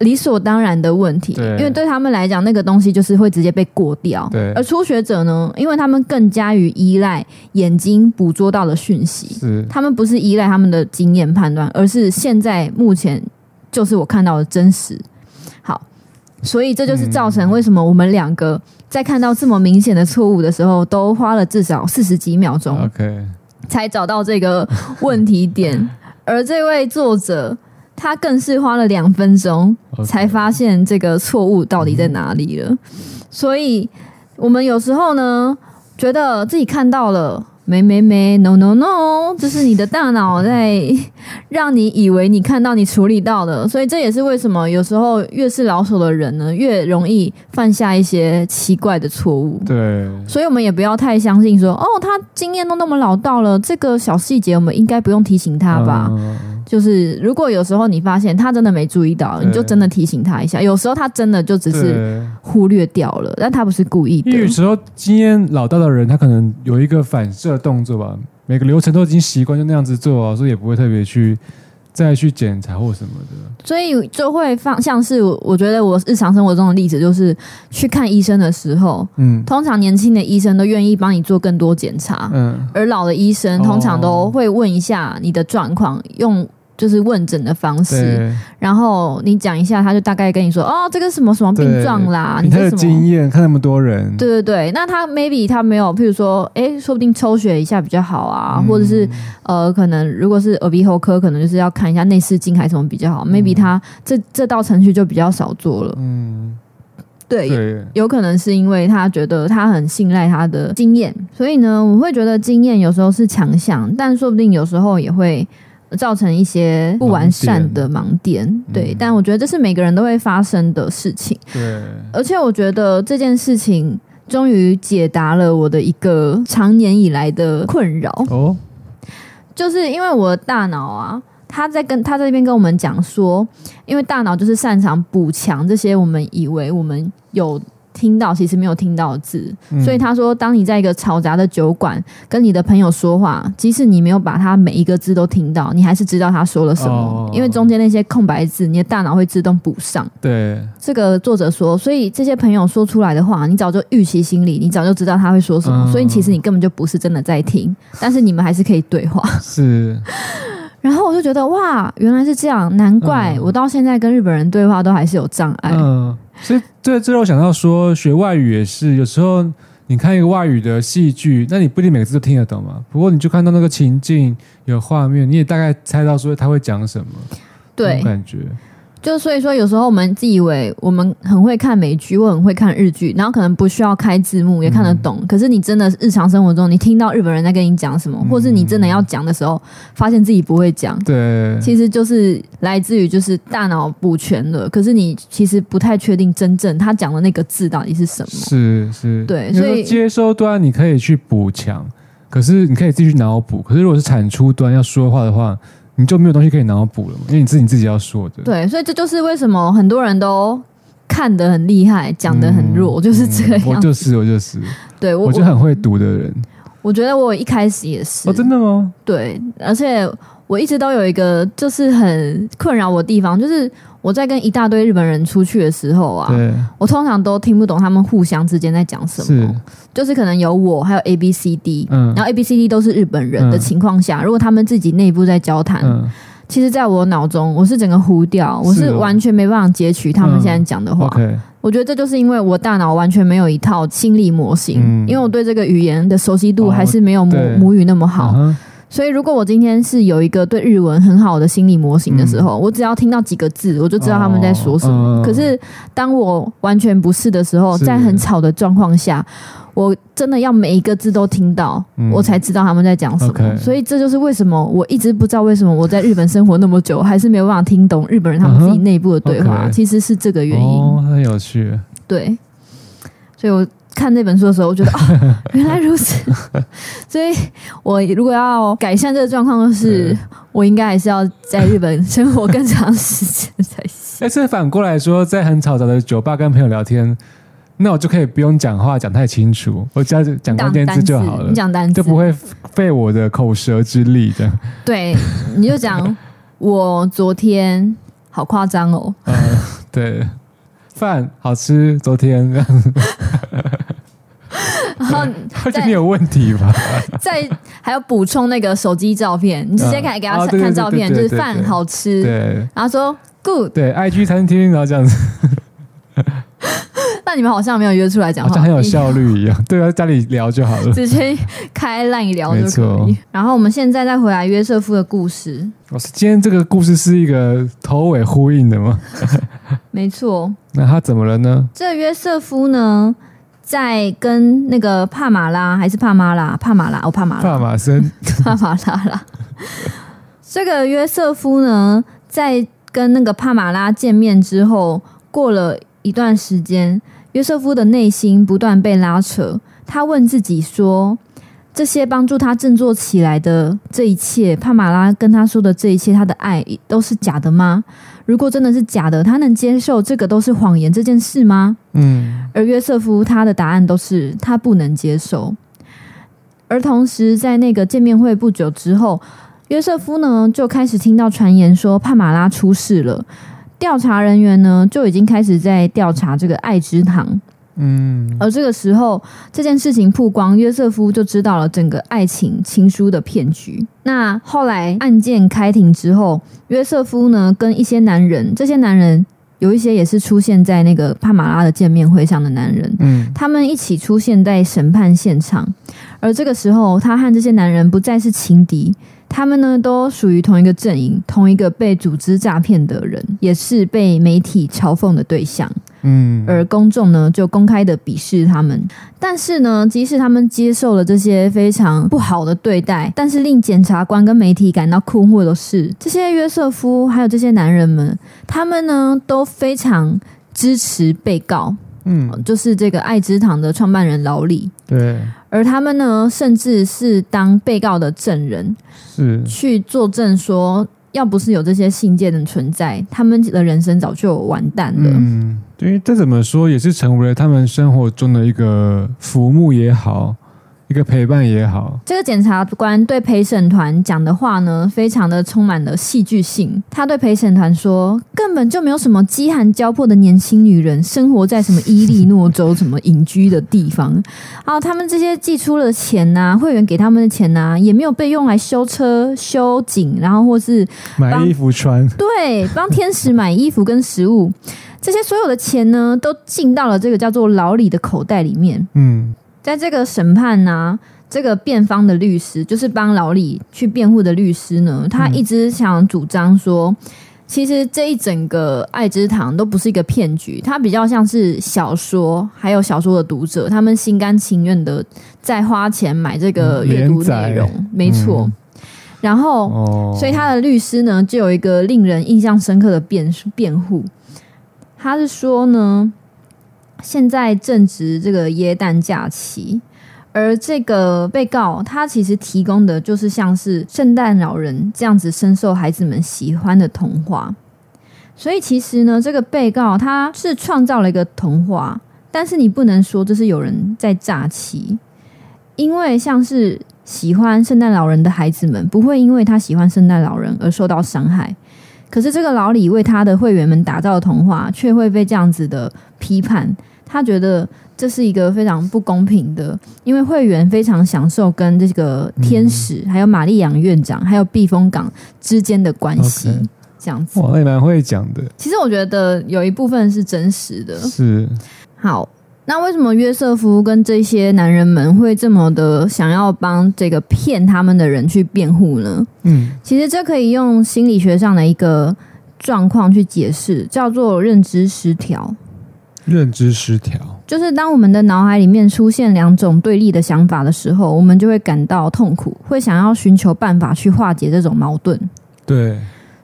理所當然的問題，哦，因為對他們來講，那個東西就是會直接被過掉。對，而初學者呢，因為他們更加於依賴眼睛捕捉到的訊息，他們不是依賴他們的經驗判斷，而是現在目前就是我看到的真實。好，所以這就是造成為什麼我們兩個在看到這麼明顯的錯誤的時候，嗯，都花了至少四十幾秒鐘。OK。才找到這個問題點，而這位作者他更是花了兩分鐘才發現這個錯誤到底在哪裡了。所以，我們有時候呢，覺得自己看到了。沒沒沒，no no no，這是你的大腦在讓你以為你看到你處理到的，所以這也是為什麼有時候越是老手的人呢，越容易犯下一些奇怪的錯誤。對、哦，所以我們也不要太相信說，哦，他經驗都那麼老道了，這個小細節我們應該不用提醒他吧？嗯就是，如果有時候你發現他真的沒注意到，你就真的提醒他一下。有時候他真的就只是忽略掉了，但他不是故意的。對，有時候經驗老道的人，他可能有一個反射動作吧，每個流程都已經習慣，就那樣子做，所以也不會特別去。再去檢查或什麼的，所以就會放，像是我覺得我日常生活中的例子就是去看醫生的時候，嗯，通常年輕的醫生都願意幫你做更多檢查，嗯，而老的醫生通常都會問一下你的狀況，嗯、用。就是問診的方式，然後你講一下，他就大概跟你說哦，這個什麼什麼病狀啦。你很有經驗，看那麼多人，對對對。那他 maybe 他沒有，譬如說，哎，說不定抽血一下比較好啊，嗯、或者是呃，可能如果是耳鼻喉科，可能就是要看一下內視鏡還是什麼比較好。嗯、maybe 他這這道程序就比較少做了。嗯對，對，有可能是因為他覺得他很信賴他的經驗，所以呢，我會覺得經驗有時候是強項，但說不定有時候也會。造成一些不完善的盲點，盲點對，嗯，但我覺得這是每個人都會發生的事情。對，而且我覺得這件事情終於解答了我的一個長年以來的困擾哦，就是因為我的大腦啊，他在跟他在這邊跟我們講說，因為大腦就是擅長補強這些我們以為我們有。聽到其實沒有聽到的字，所以他說，當你在一個嘈雜的酒館跟你的朋友說話，即使你沒有把他每一個字都聽到，你還是知道他說了什麼，因為中間那些空白字，你的大腦會自動補上。對，這個作者說，所以這些朋友說出來的話，你早就預期心理，你早就知道他會說什麼，所以其實你根本就不是真的在聽，但是你們還是可以對話。是。然後我就覺得哇，原來是這樣，難怪我到現在跟日本人對話都還是有障礙。嗯，嗯，所以這最後我想到說，學外語也是有時候，你看一個外語的戲劇，那你不一定每次都聽得懂嘛。不過你就看到那個情境有畫面，你也大概猜到說他會講什麼，對，感覺。就所以說，有時候我們自以為我們很會看美劇，我很會看日劇，然後可能不需要開字幕也看得懂。嗯、可是你真的日常生活中，你聽到日本人在跟你講什麼，嗯、或是你真的要講的時候，發現自己不會講。對、嗯，其實就是來自於就是大腦補全了，可是你其實不太確定真正他講的那個字到底是什麼。是是，對。所以接收端你可以去補強，可是你可以自己去腦補。可是如果是產出端要說話的話。你就沒有東西可以拿到補了嗎因為你自己自己要說的。對，所以這就是為什麼很多人都看得很厲害，講得很弱，嗯，就是這樣。我就是我就是，對，我，我就很會讀的人。我覺得我有一開始也是。哦，真的嗎？對，而且我一直都有一個就是很困擾我的地方，就是。我在跟一大堆日本人出去的時候啊，我通常都聽不懂他們互相之間在講什麼。就是可能有我，還有 A B C D，、嗯、然後 A B C D 都是日本人的情況下、嗯，如果他們自己內部在交談、嗯，其實在我腦中我是整個糊掉、哦，我是完全沒辦法截取他們現在講的話。嗯、okay，我覺得這就是因為我大腦完全沒有一套心理模型、嗯，因為我對這個語言的熟悉度還是沒有母、哦、母語那麼好。所以，如果我今天是有一個對日文很好的心理模型的時候，嗯、我只要聽到幾個字，我就知道他們在說什麼。哦嗯、可是，當我完全不是的時候，在很吵的狀況下，我真的要每一個字都聽到，嗯、我才知道他們在講什麼。嗯 okay、所以，這就是為什麼我一直不知道為什麼我在日本生活那麼久，還是沒有辦法聽懂日本人他們自己內部的對話、嗯，其實是這個原因、哦。很有趣，對，所以我。看這本書的時候，我覺得啊，原來如此。所以，我如果要改善這個狀況，就是，是，我應該還是要在日本生活更長時間才行。但、欸、是反過來說，在很嘈雜的酒吧跟朋友聊天，那我就可以不用講話講太清楚，我只要講關鍵字就好了，你你就不會費我的口舌之力。的。對，你就講， 我昨天好誇張哦，嗯，對，飯好吃，昨天。 然後而且你有問題吧？再還有補充那個手機照片，你直接可以給他看照片，嗯、就是飯好吃對對對對，然後說，對對對，然後說 good，對，IG 餐廳，然後這樣子。 那你們好像沒有約出來講話，好像很有效率一樣，嗯，對啊。對啊，家裡聊就好了，直接開 line 聊就可以沒錯。然後我們現在再回來約瑟夫的故事。老師，今天這個故事是一個頭尾呼應的嗎？沒錯。那他怎麼了呢？這約瑟夫呢？在跟那個帕馬拉還是帕媽拉帕馬拉，我、哦、帕馬拉。帕馬森， 帕馬拉拉。這個約瑟夫呢，在跟那個帕馬拉見面之後，過了一段時間，約瑟夫的內心不斷被拉扯。他問自己說：“這些幫助他振作起來的這一切，帕馬拉跟他說的這一切，他的愛都是假的嗎？”如果真的是假的，他能接受這個都是謊言這件事嗎？嗯，而約瑟夫他的答案都是他不能接受。而同時，在那個見面會不久之後，約瑟夫呢就開始聽到傳言說帕馬拉出事了，調查人員呢就已經開始在調查這個愛之堂。嗯，而這個時候，這件事情曝光，約瑟夫就知道了整個愛情情書的騙局。那後來案件開庭之後，約瑟夫呢跟一些男人，這些男人有一些也是出現在那個帕馬拉的見面會上的男人，嗯，他們一起出現在審判現場。而這個時候，他和這些男人不再是情敵，他們呢都屬於同一個陣營，同一個被組織詐騙的人，也是被媒體嘲諷的對象。嗯，而公眾呢就公開地鄙視他們，但是呢，即使他們接受了這些非常不好的對待，但是令檢察官跟媒體感到困惑的是，這些約瑟夫還有這些男人們，他們呢都非常支持被告，嗯，就是這個愛之堂的創辦人勞力。對，而他們呢，甚至是當被告的證人，是去作證說，要不是有這些信件的存在，他們的人生早就完蛋了。嗯。因為這怎麼說也是成為了他們生活中的一個服務也好，一個陪伴也好。這個檢察官對陪審團講的話呢，非常的充滿了戲劇性。他對陪審團說：“根本就沒有什麼飢寒交迫的年輕女人生活在什麼伊利諾州什麼隱居的地方啊！ 然後他們這些寄出了錢吶、啊，會員給他們的錢吶、啊，也沒有被用來修車、修井，然後或是買衣服穿。對，幫天使買衣服跟食物。 ”這些所有的錢呢，都進到了這個叫做老李的口袋裡面。嗯，在這個審判呢、啊，這個辯方的律師，就是幫老李去辯護的律師呢，他一直想主張說、嗯，其實這一整個愛之堂都不是一個騙局，他比較像是小說，還有小說的讀者，他們心甘情願的在花錢買這個閱讀內容、嗯哦，沒錯、嗯。然後、哦，所以他的律師呢，就有一個令人印象深刻的辯辯護。他是說呢，現在正值這個耶誕假期，而這個被告他其實提供的就是像是聖誕老人這樣子深受孩子們喜歡的童話。所以其實呢，這個被告他是創造了一個童話，但是你不能說這是有人在詐欺，因為像是喜歡聖誕老人的孩子們不會因為他喜歡聖誕老人而受到傷害。可是，這個老李為他的會員們打造的童話，卻會被這樣子的批判。他覺得這是一個非常不公平的，因為會員非常享受跟這個天使、還有瑪麗楊院長、還有避風港之間的關係。嗯、這樣子，哇，也蠻會講的。其實，我覺得有一部分是真實的。是好。那為什麼約瑟夫跟這些男人們會這麼的想要幫這個騙他們的人去辯護呢？嗯，其實這可以用心理學上的一個狀況去解釋，叫做認知失調。認知失調就是當我們的腦海裡面出現兩種對立的想法的時候，我們就會感到痛苦，會想要尋求辦法去化解這種矛盾。對，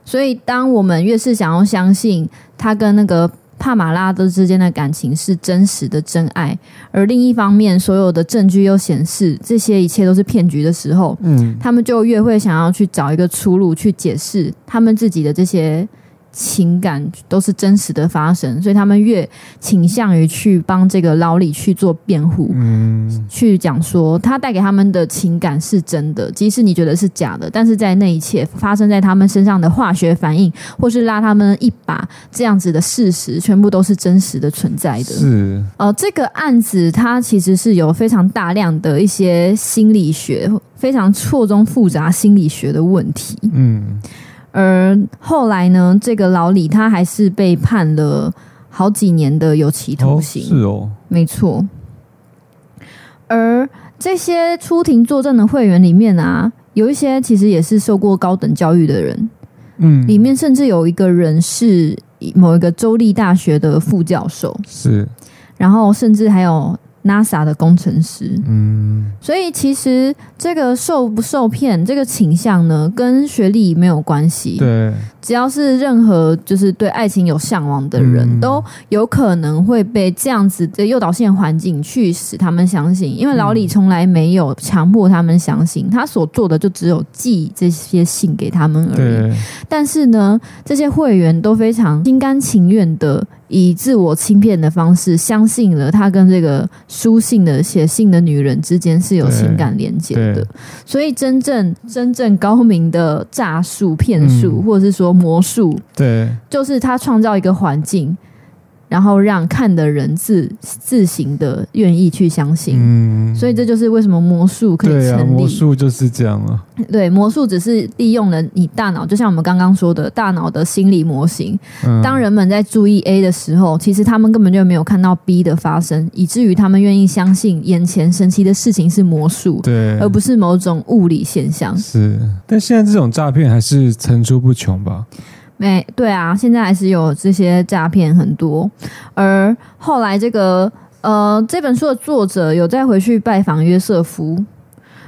所以當我們越是想要相信他跟那個。帕馬拉德之間的感情是真實的真愛，而另一方面，所有的證據又顯示這些一切都是騙局的時候，嗯，他們就越會想要去找一個出路去解釋他們自己的這些。情感都是真實的發生，所以他們越傾向於去幫這個老李去做辯護，嗯，去講說他帶給他們的情感是真的，即使你覺得是假的，但是在那一切發生在他們身上的化學反應，或是拉他們一把這樣子的事實，全部都是真實的存在的。是，呃，這個案子它其實是有非常大量的一些心理學非常錯綜複雜心理學的問題，嗯。而後來呢，這個老李他還是被判了好幾年的有期徒刑，是哦，沒錯。而這些出庭作證的會員裡面啊，有一些其實也是受過高等教育的人，嗯，裡面甚至有一個人是某一個州立大學的副教授，是，然後甚至還有。NASA 的工程師，嗯，所以其實這個受不受騙這個傾向呢，跟學歷沒有關係。對，只要是任何就是對愛情有嚮往的人都有可能會被這樣子的誘導性環境去使他們相信。因為老李從來沒有強迫他們相信，他所做的就只有寄這些信給他們而已。但是呢，這些會員都非常心甘情願的。以自我欺騙的方式，相信了他跟這個書信的寫信的女人之間是有情感連接的。所以，真正真正高明的詐術、騙術、嗯，或者是說魔術，對，就是他創造一個環境。然後讓看的人自自行的願意去相信、嗯，所以這就是為什麼魔術可以成立。啊、魔術就是這樣了、啊。對，魔術只是利用了你大腦，就像我們剛剛說的，大腦的心理模型、嗯。當人們在注意 A 的時候，其實他們根本就沒有看到 B 的發生，以至於他們願意相信眼前神奇的事情是魔術，對，而不是某種物理現象。是，但現在這種詐騙還是層出不窮吧？沒對啊，現在還是有這些詐騙很多，而後來這個呃，這本書的作者有再回去拜訪約瑟夫，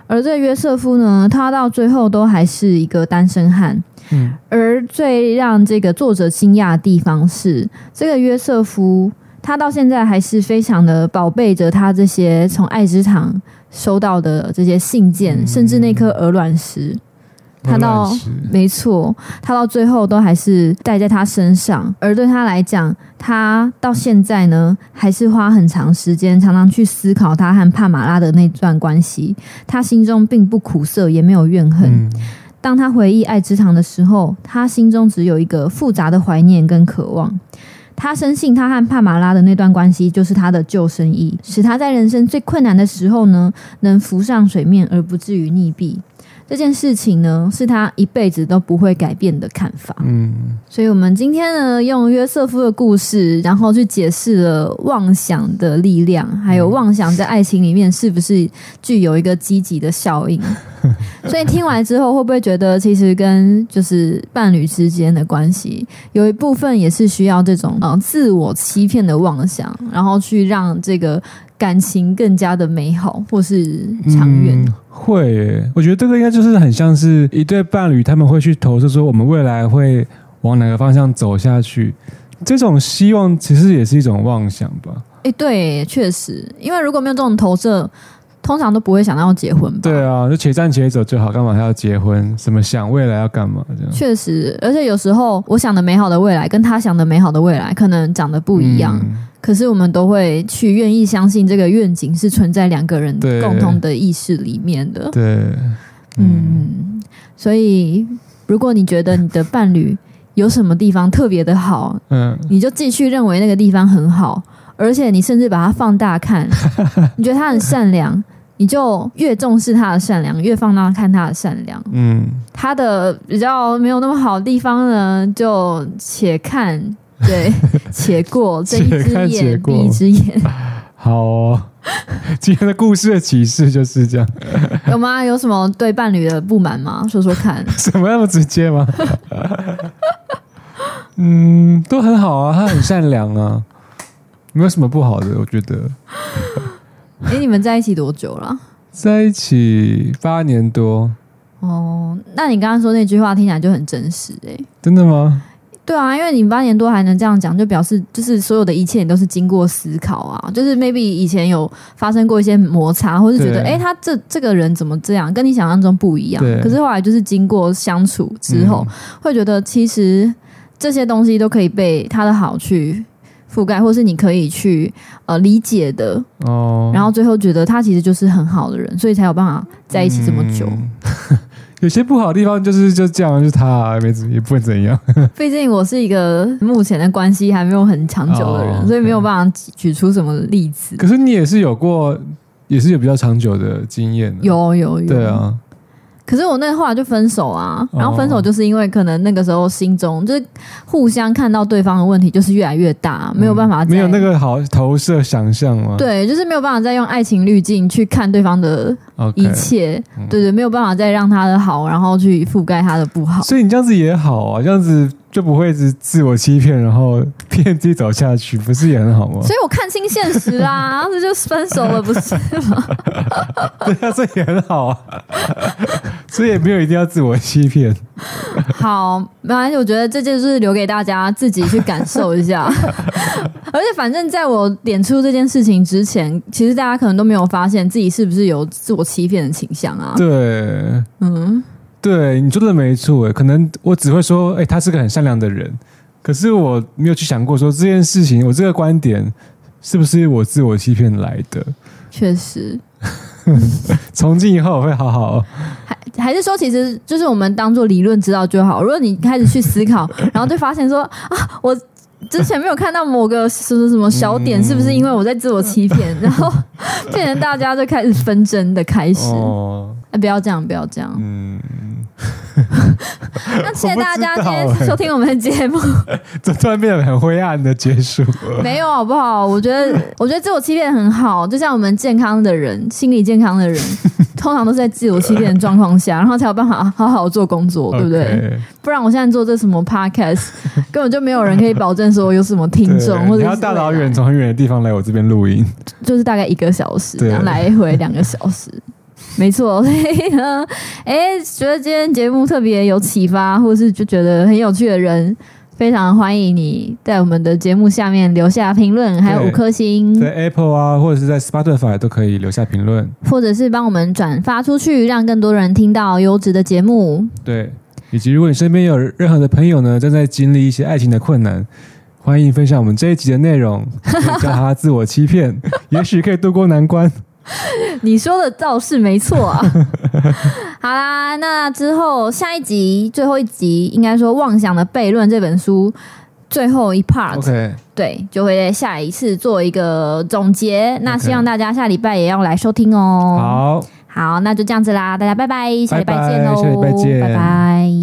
而這個約瑟夫呢，他到最後都還是一個單身漢。嗯，而最讓這個作者驚訝的地方是，這個約瑟夫他到現在還是非常的寶貝着他這些從愛之堂收到的這些信件，嗯嗯甚至那顆鵝卵石。他到沒錯，他到最後都還是戴在他身上。而對他來講，他到現在呢，還是花很長時間，常常去思考他和帕馬拉的那段關係。他心中並不苦澀，也沒有怨恨。當他回憶愛之堂的時候，他心中只有一個複雜的懷念跟渴望。他深信，他和帕馬拉的那段關係就是他的救生衣，使他在人生最困難的時候呢，能浮上水面，而不至於溺斃。這件事情呢，是他一輩子都不會改變的看法。嗯，所以我們今天呢，用約瑟夫的故事，然後去解釋了妄想的力量，還有妄想在愛情裡面是不是具有一個積極的效應。嗯。所以聽完之後，會不會覺得其實跟就是伴侶之間的關係，有一部分也是需要這種啊自我欺騙的妄想，然後去讓這個。感情更加的美好，或是長遠、嗯，會？我覺得這個應該就是很像是一對伴侶，他們會去投射說，我們未來會往哪個方向走下去。這種希望其實也是一種妄想吧？哎、欸，對，確實，因為如果沒有這種投射，通常都不會想要結婚吧？對啊，就且戰且走最好，幹嘛還要結婚？什麼想未來要幹嘛？這樣確實，而且有時候我想的美好的未來，跟他想的美好的未來，可能長得不一樣。嗯可是我們都會去願意相信這個願景是存在兩個人共同的意識裡面的。對，對，嗯，嗯，所以如果你覺得你的伴侶有什麼地方特別的好，嗯，你就繼續認為那個地方很好，而且你甚至把它放大看。你覺得他很善良，你就越重視他的善良，越放大看他的善良。嗯，他的比較沒有那麼好的地方呢，就且看。對，且過睜一隻眼閉一隻眼。好、哦，今天的故事的啟示就是這樣。有嗎？有什麼對伴侶的不滿嗎？說說看。什麼那麼直接嗎？ 嗯，都很好啊，他很善良啊，沒有什麼不好的，我覺得。哎、欸，你們在一起多久了、啊？在一起八年多。哦，那你剛剛說那句話聽起來就很真實哎、欸。真的嗎？對啊，因為你八年多還能這樣講，就表示就是所有的一切你都是經過思考啊。就是 maybe 以前有發生過一些摩擦，或是覺得哎，他這這個人怎麼這樣，跟你想象中不一樣。對。可是後來就是經過相處之後、嗯，會覺得其實這些東西都可以被他的好去覆蓋，或是你可以去呃理解的哦。然後最後覺得他其實就是很好的人，所以才有辦法在一起這麼久。嗯 有些不好的地方就是就這樣，就他沒，也不會怎樣。畢竟我是一個目前的關係還沒有很長久的人、哦，所以沒有辦法舉出什麼例子、嗯。可是你也是有過，也是有比較長久的經驗的。有有有，對啊。可是我那後來就分手啊，然後分手就是因為可能那個時候心中就是互相看到對方的問題就是越來越大，沒有辦法、嗯。沒有那個好投射想象嗎？對，就是沒有辦法再用愛情濾鏡去看對方的一切，Okay, 嗯、對，對對，沒有辦法再讓他的好，然後去覆蓋他的不好。所以你這樣子也好啊，這樣子。就不會是自我欺騙，然後騙自己走下去，不是也很好嗎？所以我看清現實啊， 這就分手了，不是嗎？對啊，這也很好啊，所以也沒有一定要自我欺騙。好，沒關係，而且我覺得這就是留給大家自己去感受一下。 而且反正在我點出這件事情之前，其實大家可能都沒有發現自己是不是有自我欺騙的傾向啊。對，嗯。對，你說的沒錯，可能我只會說，哎、欸，他是個很善良的人。可是我沒有去想過說，說這件事情，我這個觀點是不是我自我欺騙來的？確實， 從今以後我會好好。還還是說，其實就是我們當做理論知道就好。如果你開始去思考， 然後就發現說，啊，我之前沒有看到某個什麼什麼小點，是不是因為我在自我欺騙？嗯、然後變成 大家就開始紛爭的開始。哦，哎，不要這樣，不要這樣，嗯。那謝謝大家今天收聽我們的節目。這突然變得很灰暗的結束， 沒有好不好？我覺得，我覺得自我欺騙很好，就像我們健康的人、心理健康的人，通常都是在自我欺騙的狀況下，然後才有辦法好好，好做工作，對不對？不然我現在做這什麼 podcast，根本就沒有人可以保證說有什麼聽眾，或者大老遠從很遠的地方來我這邊錄音，就是大概一個小時，然後來一回兩個小時。沒錯，所以呢，哎、欸，覺得今天節目特別有啟發，或是就覺得很有趣的人，非常歡迎你在我們的節目下面留下評論，還有五顆星，在 Apple 啊，或者是在 Spotify 都可以留下評論，或者是幫我們轉發出去，讓更多人聽到優質的節目。對，以及如果你身邊有任何的朋友呢，正在經歷一些愛情的困難，歡迎分享我們這一集的內容，叫他自我欺騙， 也許可以度過難關。 你說的倒是沒錯、啊， 好啦，那之後下一集最後一集，應該說《妄想的悖論》這本書最後一 part，okay. 對，就會在下一次做一個總結。Okay. 那希望大家下禮拜也要來收聽哦。好、okay.，好，那就這樣子啦，大家拜拜，下禮拜見嘍、哦，下禮拜見，拜拜。